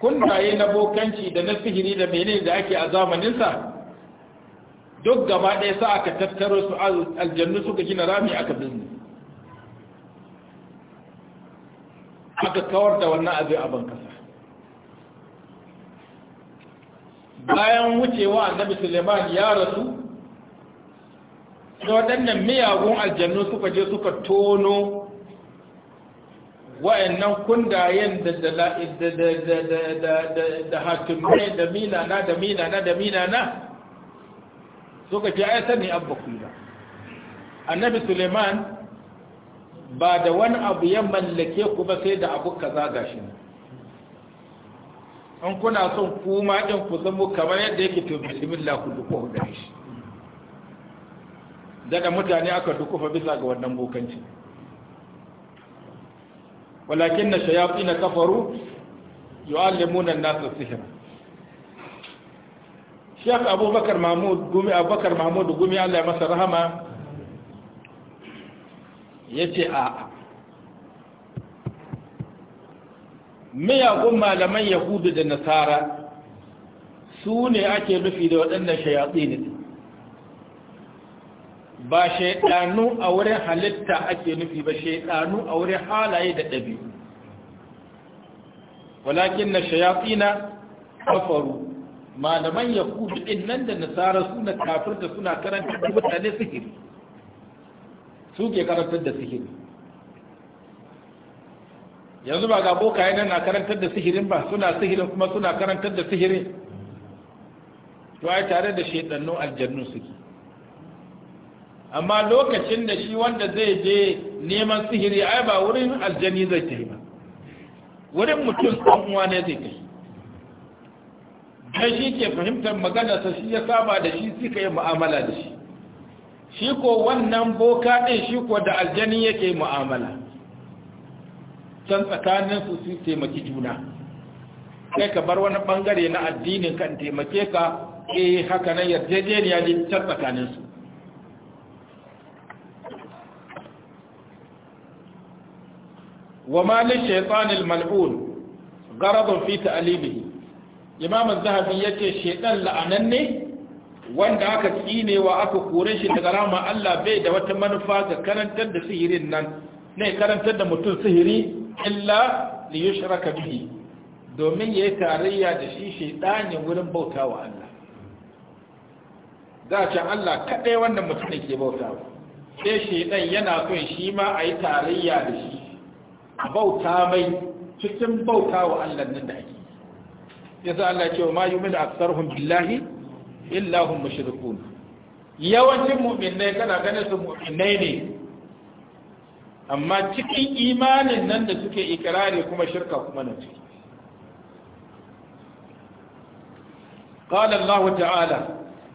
yi na bokanci da na sihiri da mene da ake a zamaninsa duk gaba ɗaya sa aka tattaro su aljannu suka gina rami aka bizni aka kawar da wannan abin a kasa. bayan wucewa annabi suleiman ya rasu da waɗannan miyagun aljannu suka je suka tono wa'annan kundayen da da da da da da na da na da milana da milana suka ce ai sani abba kula annabi suleiman ba da wani abu ya mallake ku ba sai da abu kaza gashi an kuna son kuma ɗin ku zama kamar yadda yake to bismillah ku duko da shi da mutane aka dukufa bisa ga wannan bokancin walakin na shayafi na kafaru yu'allimuna nasu sihir Sheikh Abubakar Mahmud Gumi Abubakar Mahmud Gumi Allah ya masa rahama yace a miyagun malaman Yahudu da Nasara su ne ake nufi da waɗannan shayatsi ne ba shaidanu a wurin halitta ake nufi ba shaidanu a wurin halaye da ɗabi'u walakin na na kafaru malaman kudu ɗin nan da nasara suna kafir da suna karanta da mutane sihiri su ke karantar da sihiri yanzu ba ga boka yana na karantar da sihirin ba suna sihirin kuma suna karantar da sihirin to ai tare da shaidannu aljannu suke amma lokacin da shi wanda zai je neman sihiri ai ba wurin aljani zai tafi ba wurin mutum ɗan uwa ne zai kai kai shi ke fahimtar magana sa shi ya saba da shi suka yi mu'amala da shi shi ko wannan boka ɗin shi ko da aljani yake mu'amala can tsakanin su su taimaki juna kai ka bar wani bangare na addinin kan taimake ka ke eh, haka nan yarjejeniya ne can tsakanin su wa ma li shaytanil mal'un gharadun fi Imamin imam ya ce yace shaytan la'ananne wanda aka tsinewa aka kore shi daga rama Allah bai da wata manufa ga karantar da sihirin nan ne karantar da mutum sihiri illa li yushraka bihi domin yayi tarayya da shi shaytanin wurin bautawa Allah za a ce Allah kadai wannan mutum ne ke bautawa sai shaytan yana son shi ma a yi tarayya da shi bauta mai cikin bauta wa Allah nan da ake yasa Allah ce wa ma yu'minu aktsaruhum billahi illa hum mushrikun yawancin mu'minai kana ganin su mu'minai ne amma cikin imanin nan da suke ikirari kuma shirka kuma na ciki قال الله تعالى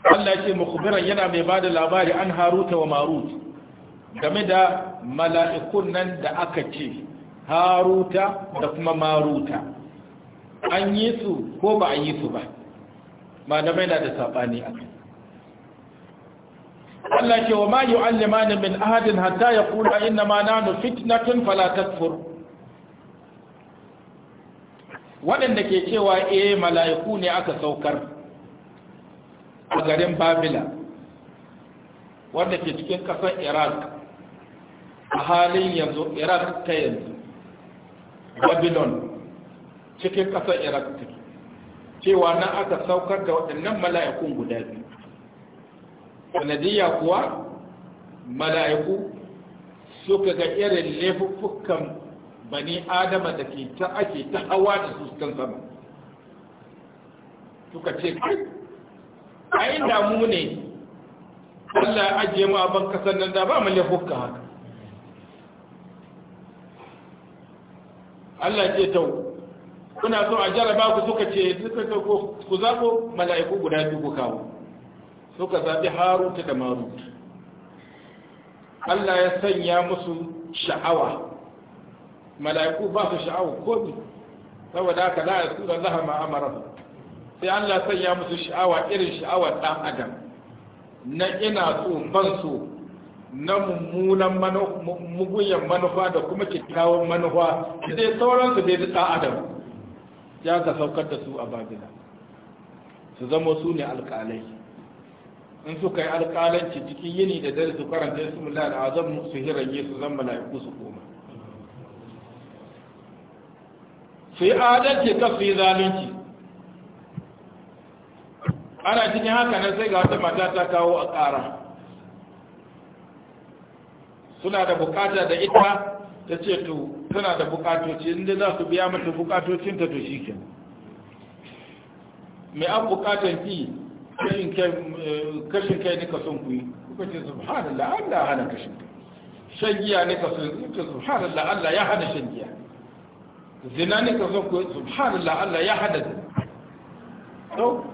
Allah ce mukhbiran yana mai bada labari an haruta wa marut game da mala'ikun nan da aka ce haruta da kuma maruta an yi su ko ba a yi su ba malamai na da saɓani a kai Allah ke wa ma yu'allimani min ahadin hatta yaqula inna ma nahnu fitnatun fala takfur waɗanda ke cewa eh mala'iku ne aka saukar a garin babila wanda ke cikin ƙasar iraq a halin yanzu iraq ta yanzu babylon cikin ƙasar iraq cewa nan aka saukar da waɗannan mala'ikun guda biyu sanadiyya kuwa mala'iku suka ga irin laifuffukan bani adama da ke ta ake ta hawa da su kan sama suka ce kai a yi damu ne Allah ya ajiye mu a ban kasar nan da ba mu laifuffuka haka Allah ce tau kuna so a jaraba ku suka ce suka ce ku zaɓo mala'iku guda biyu ku kawo suka zaɓi haruta da marut Allah ya sanya musu sha'awa mala'iku ba su sha'awa komi saboda haka la a su da zaha sai Allah sanya musu sha'awa irin sha'awa ɗan adam na ina so ban so na mummunan mugunyan manufa da kuma kyakkyawan manufa da dai sauransu dai da adam ya ga saukar da su a babila su zama su ne alƙalai in suka yi alƙalanci cikin yini da dare su karanta su mula da azan su hirage su zan mala'iku su koma su yi adalci ka su yi zalunci ana cikin haka nan sai ga wata mata ta kawo a ƙara suna da bukata da ita ta ce to tana da bukatoci inda za su biya mata bukatocin ta to shi ke mai an bukatan ki kashin kai nika son ku yi kuka ce subhanallah Allah hana kashin kai shan giya nika sun ku ce subhanallah Allah ya hana shan giya zina nika son ku subhanallah Allah ya hana zina to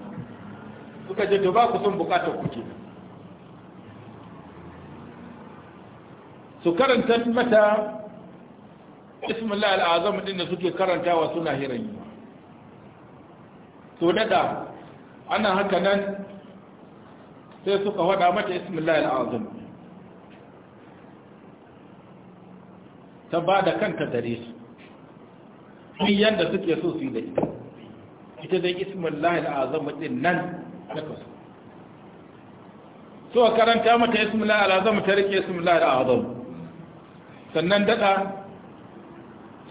kuka ce to ba ku son bukatar kuke kenan su karanta mata ismullah al'azam din da suke karantawa suna hiran to dada ana haka nan sai suka faɗa mata ismullah al'azam ta ba da kanta dare su sun yadda suke so su yi da ita ita dai ismullah al'azam din nan da kasu so karanta mata ismullah al'azam ta rike ismullah al'azam sannan daɗa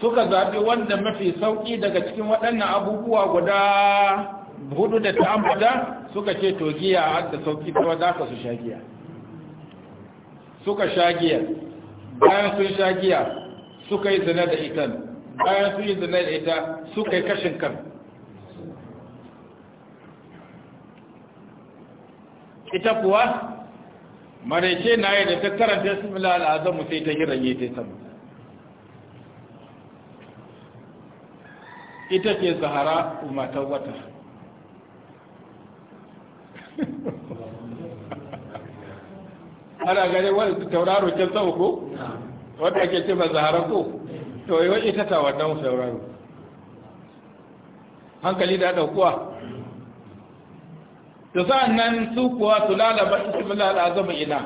suka zaɓi wanda mafi sauƙi daga cikin waɗannan abubuwa guda hudu da ta amfada suka ce to giya da sauƙi ta za ka su sha giya suka sha giya bayan sun sha giya suka yi zina da ita bayan sun yi zina da ita suka yi kashin kan ita kuwa maraice na yi da ta karanta simila al'azamu sai ta hirage ta sama ita ce sahara umatan wata ana gane wani tauraro can sau ko wadda ake ce ba zahara ko to yi wani ita ta wannan sauraro hankali da ɗaukuwa to sa'an nan su kuwa su lalaba ismin al'azama ina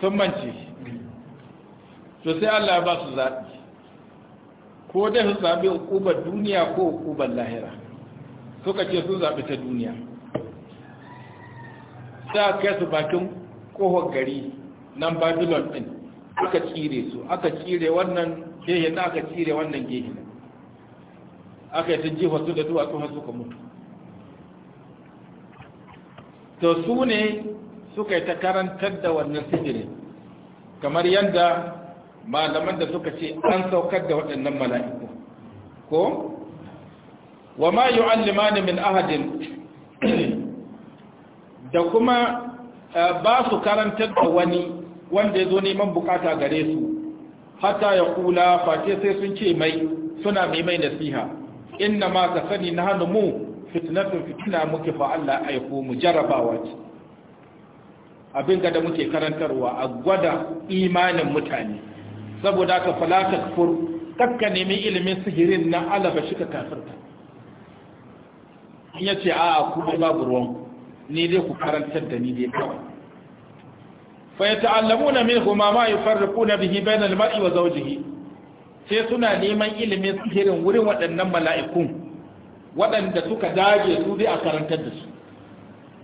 sun mance to sai Allah ba su zaɓi ko dai su zaɓi hukubar duniya ko hukubar lahira suka ce sun zaɓi ta duniya sa kai su bakin kohon gari nan babylon ɗin aka cire su aka cire wannan gehe na aka cire wannan gehe aka yi ta jifa su da duwatsu na suka mutu to su ne suka yi ta karantar da wannan sijirin kamar yadda malaman da suka ce an saukar da waɗannan mala'iku ko wa ma yu'allimani min ahadin da kuma eh, ba su karantar da wani wanda ya zo neman bukata gare su hata ya kula face sai sun ce mai suna mai mai nasiha inna ma ka sani na hannu mu fitnatun fitina muke fa Allah aiko mu jarabawa ce abin da muke karantarwa a gwada imanin mutane saboda ka fala kafur kakka nemi ilimin sihirin na alaba shi ka kafirta in yace a'a ku babu ruwan, ni dai ku karantar da ni dai kawai ma منهما bihi bayna al-mar'i wa zawjihi sai suna neman ilimin sihirin wurin waɗannan mala'ikun waɗanda suka dage su zai a karantar da su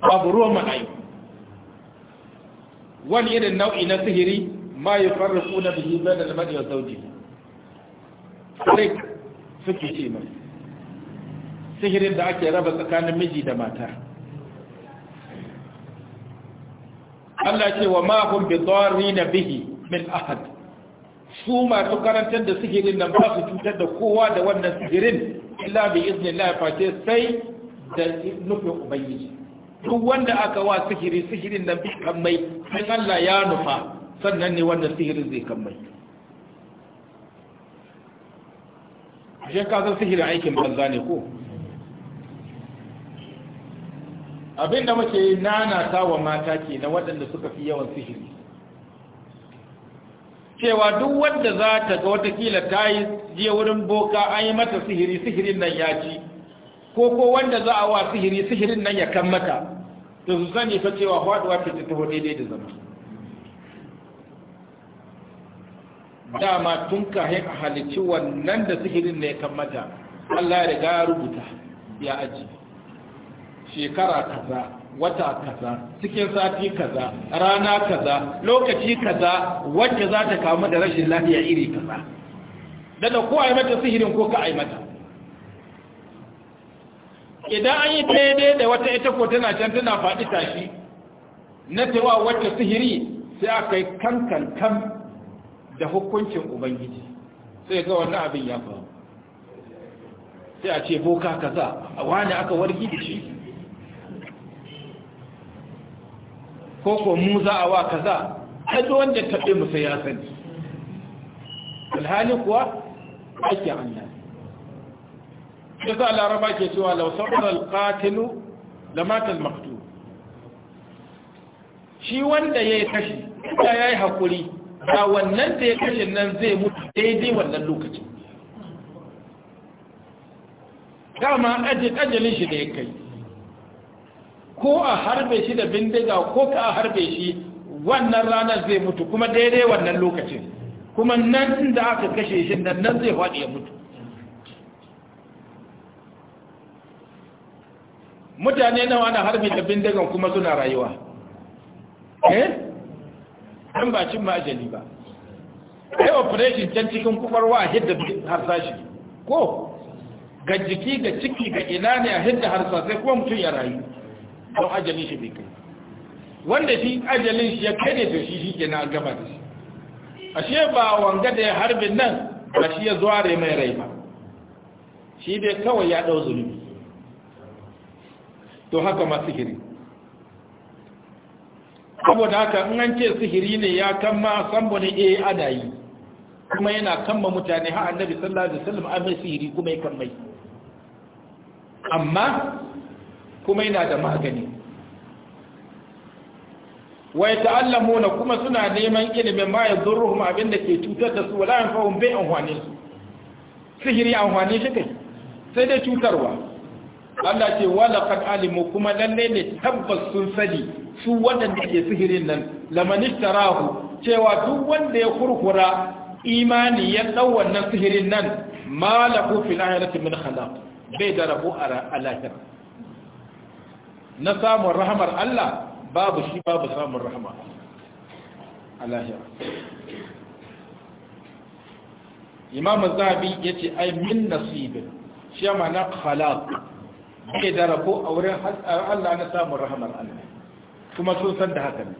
babu buruwan mala'iku wani irin nau'i na sihiri ma yi farrafu na da bai da lamar yau sauji suke ce mai sihirin da ake raba tsakanin miji da mata Allah ce wa ma hum bi na bihi min ahad su masu karantar da sihirin nan ba su cutar da kowa da wannan sihirin illa bi iznillah face sai da nufin ubangiji duk wanda aka wa sihiri sihirin nan bi kammai sai Allah ya nufa sannan ne wannan sihirin zai kammai ashe ka san sihirin aikin banza ne ko abinda muke nana ta wa mata ke na waɗanda suka fi yawan sihiri cewa duk wanda za ta ga watakila ta yi je wurin boka an yi mata sihiri sihirin nan ya ci ko ko wanda za a wa sihiri sihirin nan ya kan mata to su sani fa cewa faduwa ce ta taho daidai da zama dama tun kahin a halicci wannan da sihirin ne ya kan mata Allah ya riga rubuta ya aji shekara kaza wata kaza cikin sati kaza rana kaza lokaci kaza wacce za ta kamu da rashin lafiya iri kaza daga ko a mata sihirin ko ka a mata idan an yi daidai da wata ita ko tana can tana faɗi tashi na cewa wacce sihiri sai aka yi kankan kan da hukuncin ubangiji sai ga wannan abin ya faru sai a ce boka kaza a wani aka wargi da shi ko ko mu za a wa kaza haɗu wanda taɓe musa ya sani alhali kuwa ake Allah ya za a laraba ke cewa lausabar alƙatilu da matal maktu shi wanda ya yi kashi ya ya yi haƙuri da wannan da ya kashe nan zai mutu daidai wannan lokacin dama ajalin shi da ya kai ko a harbe shi da bindiga ko ka a harbe shi wannan ranar zai mutu kuma daidai wannan lokacin kuma nan da aka kashe shi nan nan zai faɗi ya mutu mutane nawa na harbe da bindigan kuma suna rayuwa eh an ba cin ma'ajali ba ai operation can cikin kubarwa a hidda harsashi ko ga jiki ga ciki ga ina ne a hidda harsasai kuma mutum ya rayu don ajalin shi bai kai wanda shi ajalin shi ya kai ne to shi shi ke na gaba da shi ashe ba wanga da ya harbin nan ba shi ya zuwa rai mai rai ba shi bai kawai ya ɗau zulubi to haka ma sihiri saboda haka in an ce sihiri ne ya kama sambo ne eh ana yi kuma yana kama mutane ha annabi sallallahu alaihi wasallam amai sihiri kuma ya kammai amma kuma yana da magani Wai wa Mona kuma suna neman ilimin ma yadurruhum abin da ke cutar da su wala yanfa'uhum bai amfani su sihiri amfani shi kai sai dai cutarwa Allah ce wala qad alimu kuma lalle ne tabbas sun sani su waɗanda ke sihirin nan lamanistarahu cewa duk wanda ya kurkura imani ya dau wannan sihirin nan ma lahu fil min khalaq bai da rabu a lahira na samun rahamar Allah babu shi babu samun rahama alahira imam zabi ya ce ai min nasibin shi ma na khalaq da rabo a wurin Allah na samun rahamar Allah kuma sun san da haka ne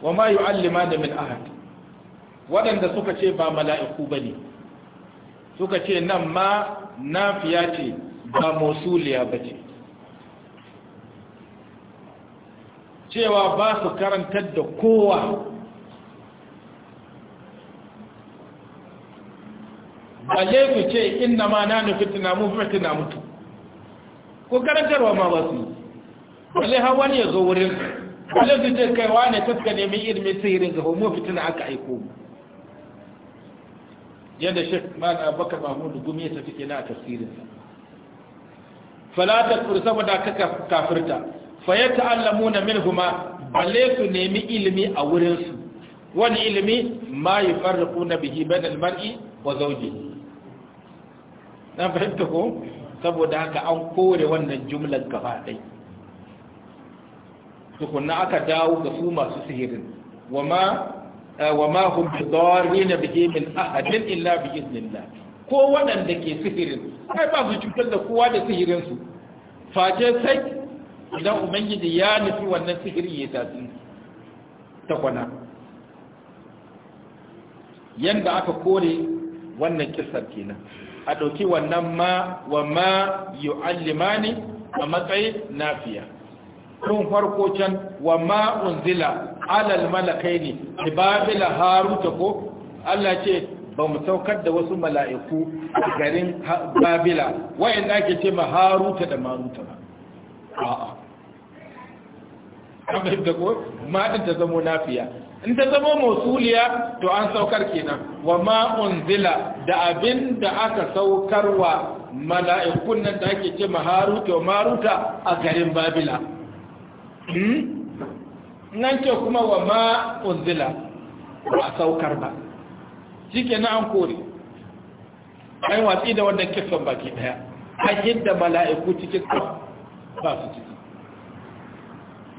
wa ma da min ahad waɗanda suka ce ba mala'iku bane suka ce nan ma fiya ce ba mausuliya bace cewa ba su karantar da kowa balle ku ce inna ma na nufi tunamu fitina mutu ko karantarwa ma ba su zai hawa ne zo wurin zai su ce kaiwa ne taska irin mai sihirin ga homo fitina aka aiko mu yadda shek man abubakar mahmud gumi ya tafi kina a tafsirinsa fala ta saboda ka kafirta fa ya ta'allamuna minhuma balle su nemi ilimi a wurinsu. wani ilimi ma yufarriquna bihi bainal mar'i ko zawjihi na fahimta ko saboda haka an kore wannan jumlar gaba ɗai tukunna aka dawo ga su masu sihirin wa ma eh, hum bi darrina bihi min ahadin illa bi idnillah ko waɗanda ke sihirin kai ba su cutar da kowa da sihirinsu. su sai idan ubangiji ya nufi wannan sihiri ya tafi ta kwana yadda aka kore wannan kisar kenan a ɗauki wannan ma wa ma yu'allimani a matsayin nafiya tun farko can wa ma unzila alal malakai ne ibabila babila haruta ko Allah ce ba mu saukar da wasu mala'iku a garin babila wa'in ake ce ma haruta da maruta ba a'a abin da ko din ta zamo nafiya in ta zamo mausuliya to an saukar kenan wa ma unzila da abin da aka saukarwa mala'ikun nan da ake ce maharuta wa maruta a garin babila hmm? nan ce kuma wa ma unzila ba a saukar ba shi na an kori ai watsi da wannan kifin baki daya a yadda mala'iku cikin ba su ciki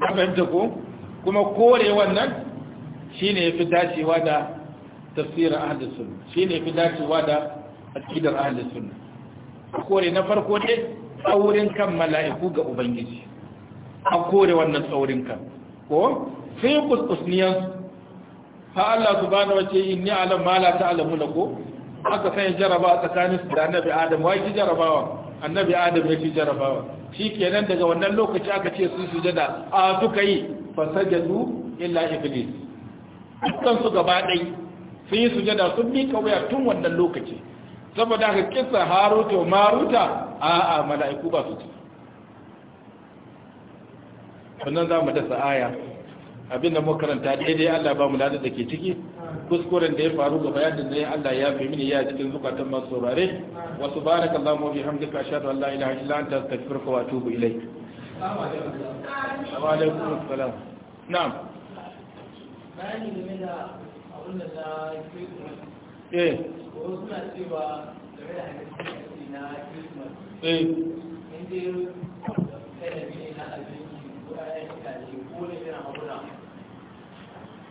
a fahimta ko kuma kore wannan shi ne ya fi dacewa da tafsirin ahalin suna, shi ne ya fi dacewa da akidar ahalin sunna kore na farko ne tsaurin kan mala'iku ga ubangiji a kore wannan tsaurin kan ko sai kuskusniyar ha Allah su bane wace ta'ala inni alam ta alamu na ko aka sanya jaraba a tsakanin su da annabi Adam wai ki jarabawa annabi adam ya ci jarabawa shi kenan daga wannan lokaci aka ce sun sujada a suka yi fasajadu illa iblis dukkan su gaba ɗai sun yi sujada sun bi kawai tun wannan lokaci saboda ka kisa haruta maruta a a mala'iku ba su ci wannan za mu dasa aya abinda muka karanta daidai Allah ba mu da ke ciki kuskuren da ya faru ga bayanin da ya Allah ya fi mini ya cikin zukatan masu saurare wa subhanaka allahumma wa bihamdika ashhadu an la ilaha illa anta astaghfiruka wa atubu ilayk wa alaikum assalam na'am bayani game da abun da ta eh ko suna cewa game da hadisi na Christmas eh inda kai da ne na abin ko ayyuka ne ko ne yana magana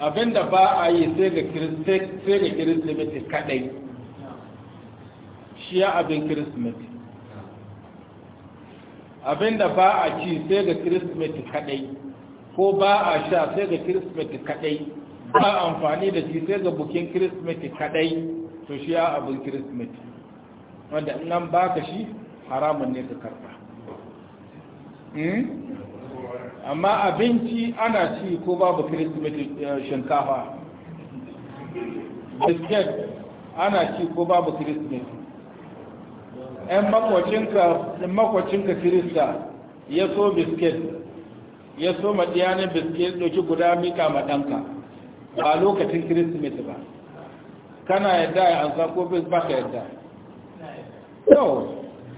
abinda ba a yi sai ga kirismeti kadai shi ya abin kirismeti abinda ba a ci sai ga kirismeti kadai ko ba a sha sai ga kirismeti kadai ba amfani da shi sai ga bukin kirismeti kadai to shi ya abin kirismeti wanda nan ba ka shi haramun ne ka karba hmm? amma abinci ana ci ko babu kirismeti eh, shinkafa biskit ana ci ko babu kirismeti ‘yan makwacinka kirista ya so biskit ya so maɗiyanin biskit ɗauki guda mika maɗanka ba lokacin kirismeti ba kana yadda ya ansa ko bis ba ka yadda yau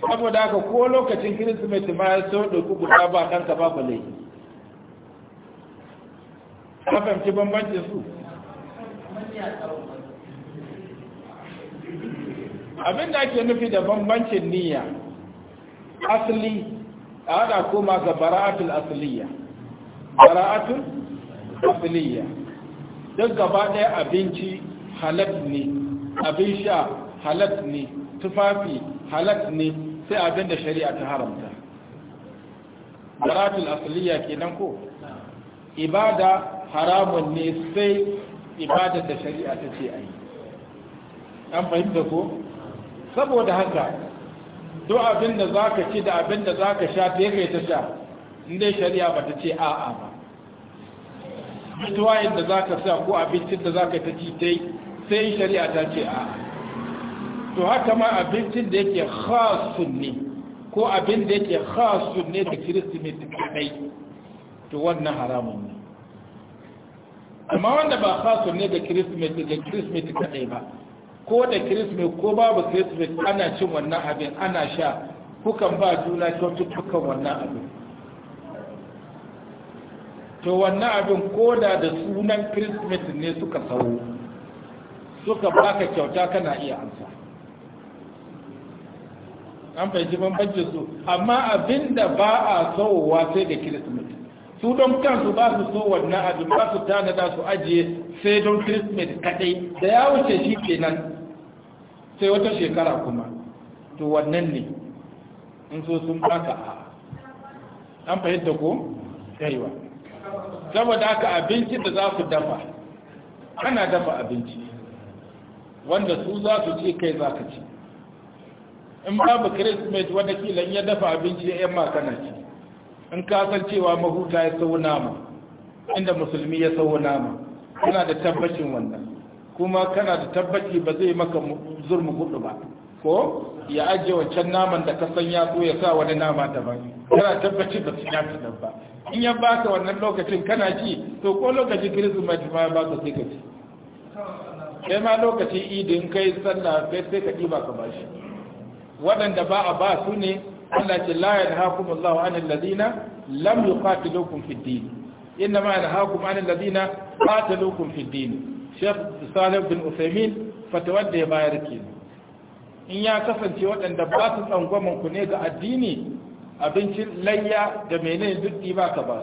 saboda haka ko lokacin kirismeti ma ya so ɗauki guda ba ɗanka ba ba laifin fahimci bambanci su abinda ake nufi da bambancin niyya asali a hada koma ga bara'atul asaliya. bara'atul asaliya. duk gaba ɗaya abinci halat ne abin sha halat ne tufafi halat ne sai abinda da shari'a ta haramta bara'atul ke kenan ko ibada haramun ne sai ibadar da shari'a ta ce a yi an fahimta ko saboda haka duk abin da za ka ci da abin da za ka sha ta kai ta sha inda shari'a ba ta ce a'a ba mutuwayin da za ka sa ko abincin da za ka ta ci ta sai shari'a ta ce a'a to haka ma abincin da yake khasun ne ko abin da yake khasun ne da kiristimet kadai to wannan haramun ne amma wanda ba khasun ne da kirismeti da kirismeti kadai ba ko da kirismeti ko babu kirismeti ana cin wannan abin ana sha kukan ba juna kyaututtukan wannan abin to wannan abin ko da da sunan kirismeti ne suka sau suka baka kyauta kana iya amsa an fahimci banbancin su amma abin da ba a sauwa sai da kirismeti su don kansu ba su so wannan abin ba su tanada su ajiye sai don christmas kadai da ya wuce shi kenan sai wata shekara kuma to wannan ne in so sun baka a an fahimta ko kaiwa saboda haka abinci da za su dafa ana dafa abinci wanda su za su ce kai za ka ci in babu christmas wadda kilan ya dafa abinci ya yan kana ci in ka san cewa mahuta ya sau nama inda musulmi ya sau nama kana da tabbacin wannan kuma kana da tabbaci ba zai maka zurmi hudu ba ko ya ajiye wancan naman da ka san ya so ya sa wani nama daban kana tabbaci ba su yafi nan ba in ya baka wannan lokacin kana ci to ko lokacin kirismeti ma ba ka sai ka ci sai ma lokacin idin kai sallah sai sai ka ɗiba ka shi waɗanda ba a ba su ne Allah ce la yanhaakum Allahu 'anil ladina lam yuqatilukum fid din innama yanhaakum 'anil ladina qatalukum fid din Sheikh Salih bin Uthaymeen fatawar da ya bayar kenan in ya kasance waɗanda ba su tsangwamin ku ne ga addini abincin layya da menene duk ba ka ba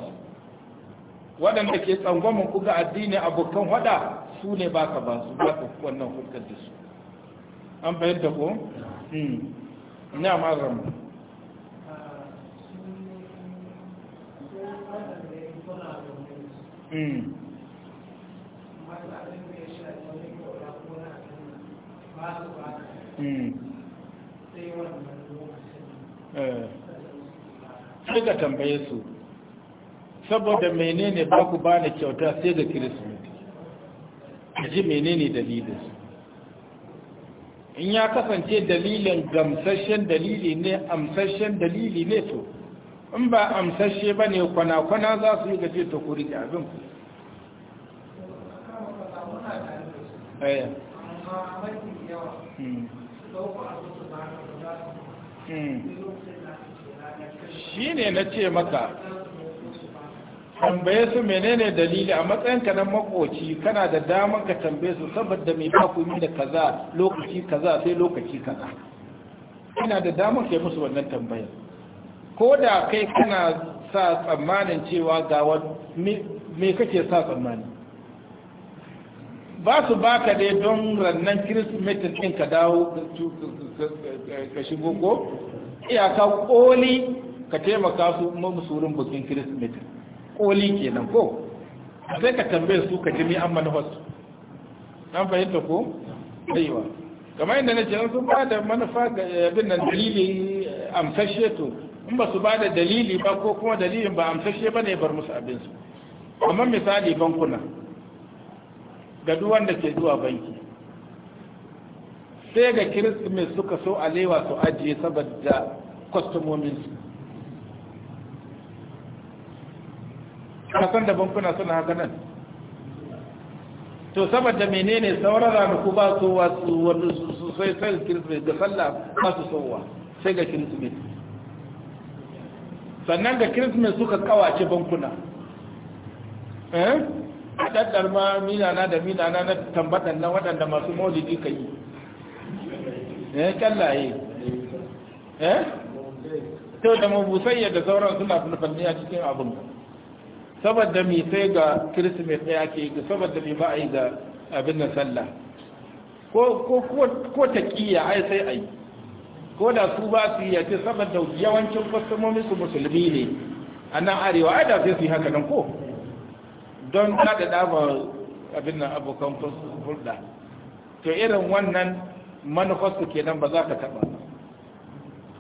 su waɗanda ke tsangwamin ku ga addini abokan waɗa su ne ba ka ba su ba ka wannan hulkar da su an fahimta ko? Hmm. na marar Mm. Mm. Eh. sai ga tambaye su saboda menene ba ku ba da kyauta sai ga kirismeti a ji menene dalilin in ya kasance dalilin gamsashen dalili ne amsashen dalili ne to in ba amsashe ba ne kwana-kwana za su yi gaje ta kuri da abin ku eh. hmm. Hmm. shi ne na ce maka tambaye su menene dalili a matsayinka na makoci kana da damar ka tambaye su saboda mai bakumi da kaza lokaci kaza sai lokaci kaza ina da damar ka yi musu wannan tambayar ko da kai kana sa tsammanin cewa ga me kake sa tsammani ba su baka dai don rannan kirismetin ɗin ka dawo ka shigo ko iyaka ƙoli ka taimaka su mamusurin bukin kirismetin ƙoli kenan ko sai ka tambaye su ka jimi an manufarsu an fahimta ko? aiwa kamar yadda na ce sun ba da manufa ga yabin nan dalilin eh, amsashe to in ba su ba da dalili ba ko kuma dalilin ba amsashe ba ne bar musu abinsu amma misali bankuna ga duk wanda ke zuwa banki sai ga kirismet suka so alewa su ajiye saboda kwastomominsu kasan da bankuna suna haka nan to saboda menene sauran ranaku ba su wasu wani sosai sai kirismet da sallah ba su sowa sai ga kirismet sannan da kirismin suka kawace bankuna eh a daddar ma minana da minana na tambatan na waɗanda masu maulidi ka yi eh kallaye eh to da mabusayya da sauran suna fulfanni a cikin abin saboda mai sai ga kirismin ɗaya ke yi saboda mai ba a yi ga abin na sallah ko ta kiya ai sai a yi ko da su ba su yi yace saboda yawancin kwastomomi su musulmi ne a nan arewa ai da sai su yi haka nan ko don da dama abin nan abokan hulɗa to irin wannan manufarsu kenan ba za ka taɓa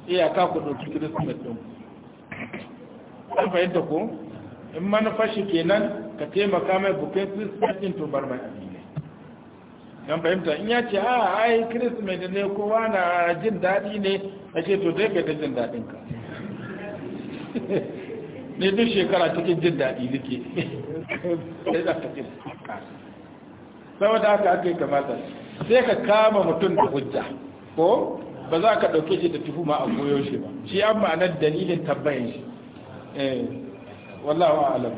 iyaka ku ɗauki kirismet ɗin an fahimta ko in ke kenan ka taimaka mai bukin kirismet ɗin to bar mai yan fahimta in ya ce a ah, ai kirismet ne kowa na jin daɗi ne a ce to dai ta jin ka ne duk shekara cikin jin daɗi nake sai za ta saboda haka aka yi kamata sai ka kama mutum da hujja ko ba za ka ɗauke shi da tuhuma a goyo shi ba shi an ma'anar dalilin tabbayin shi eh wallahu a'lam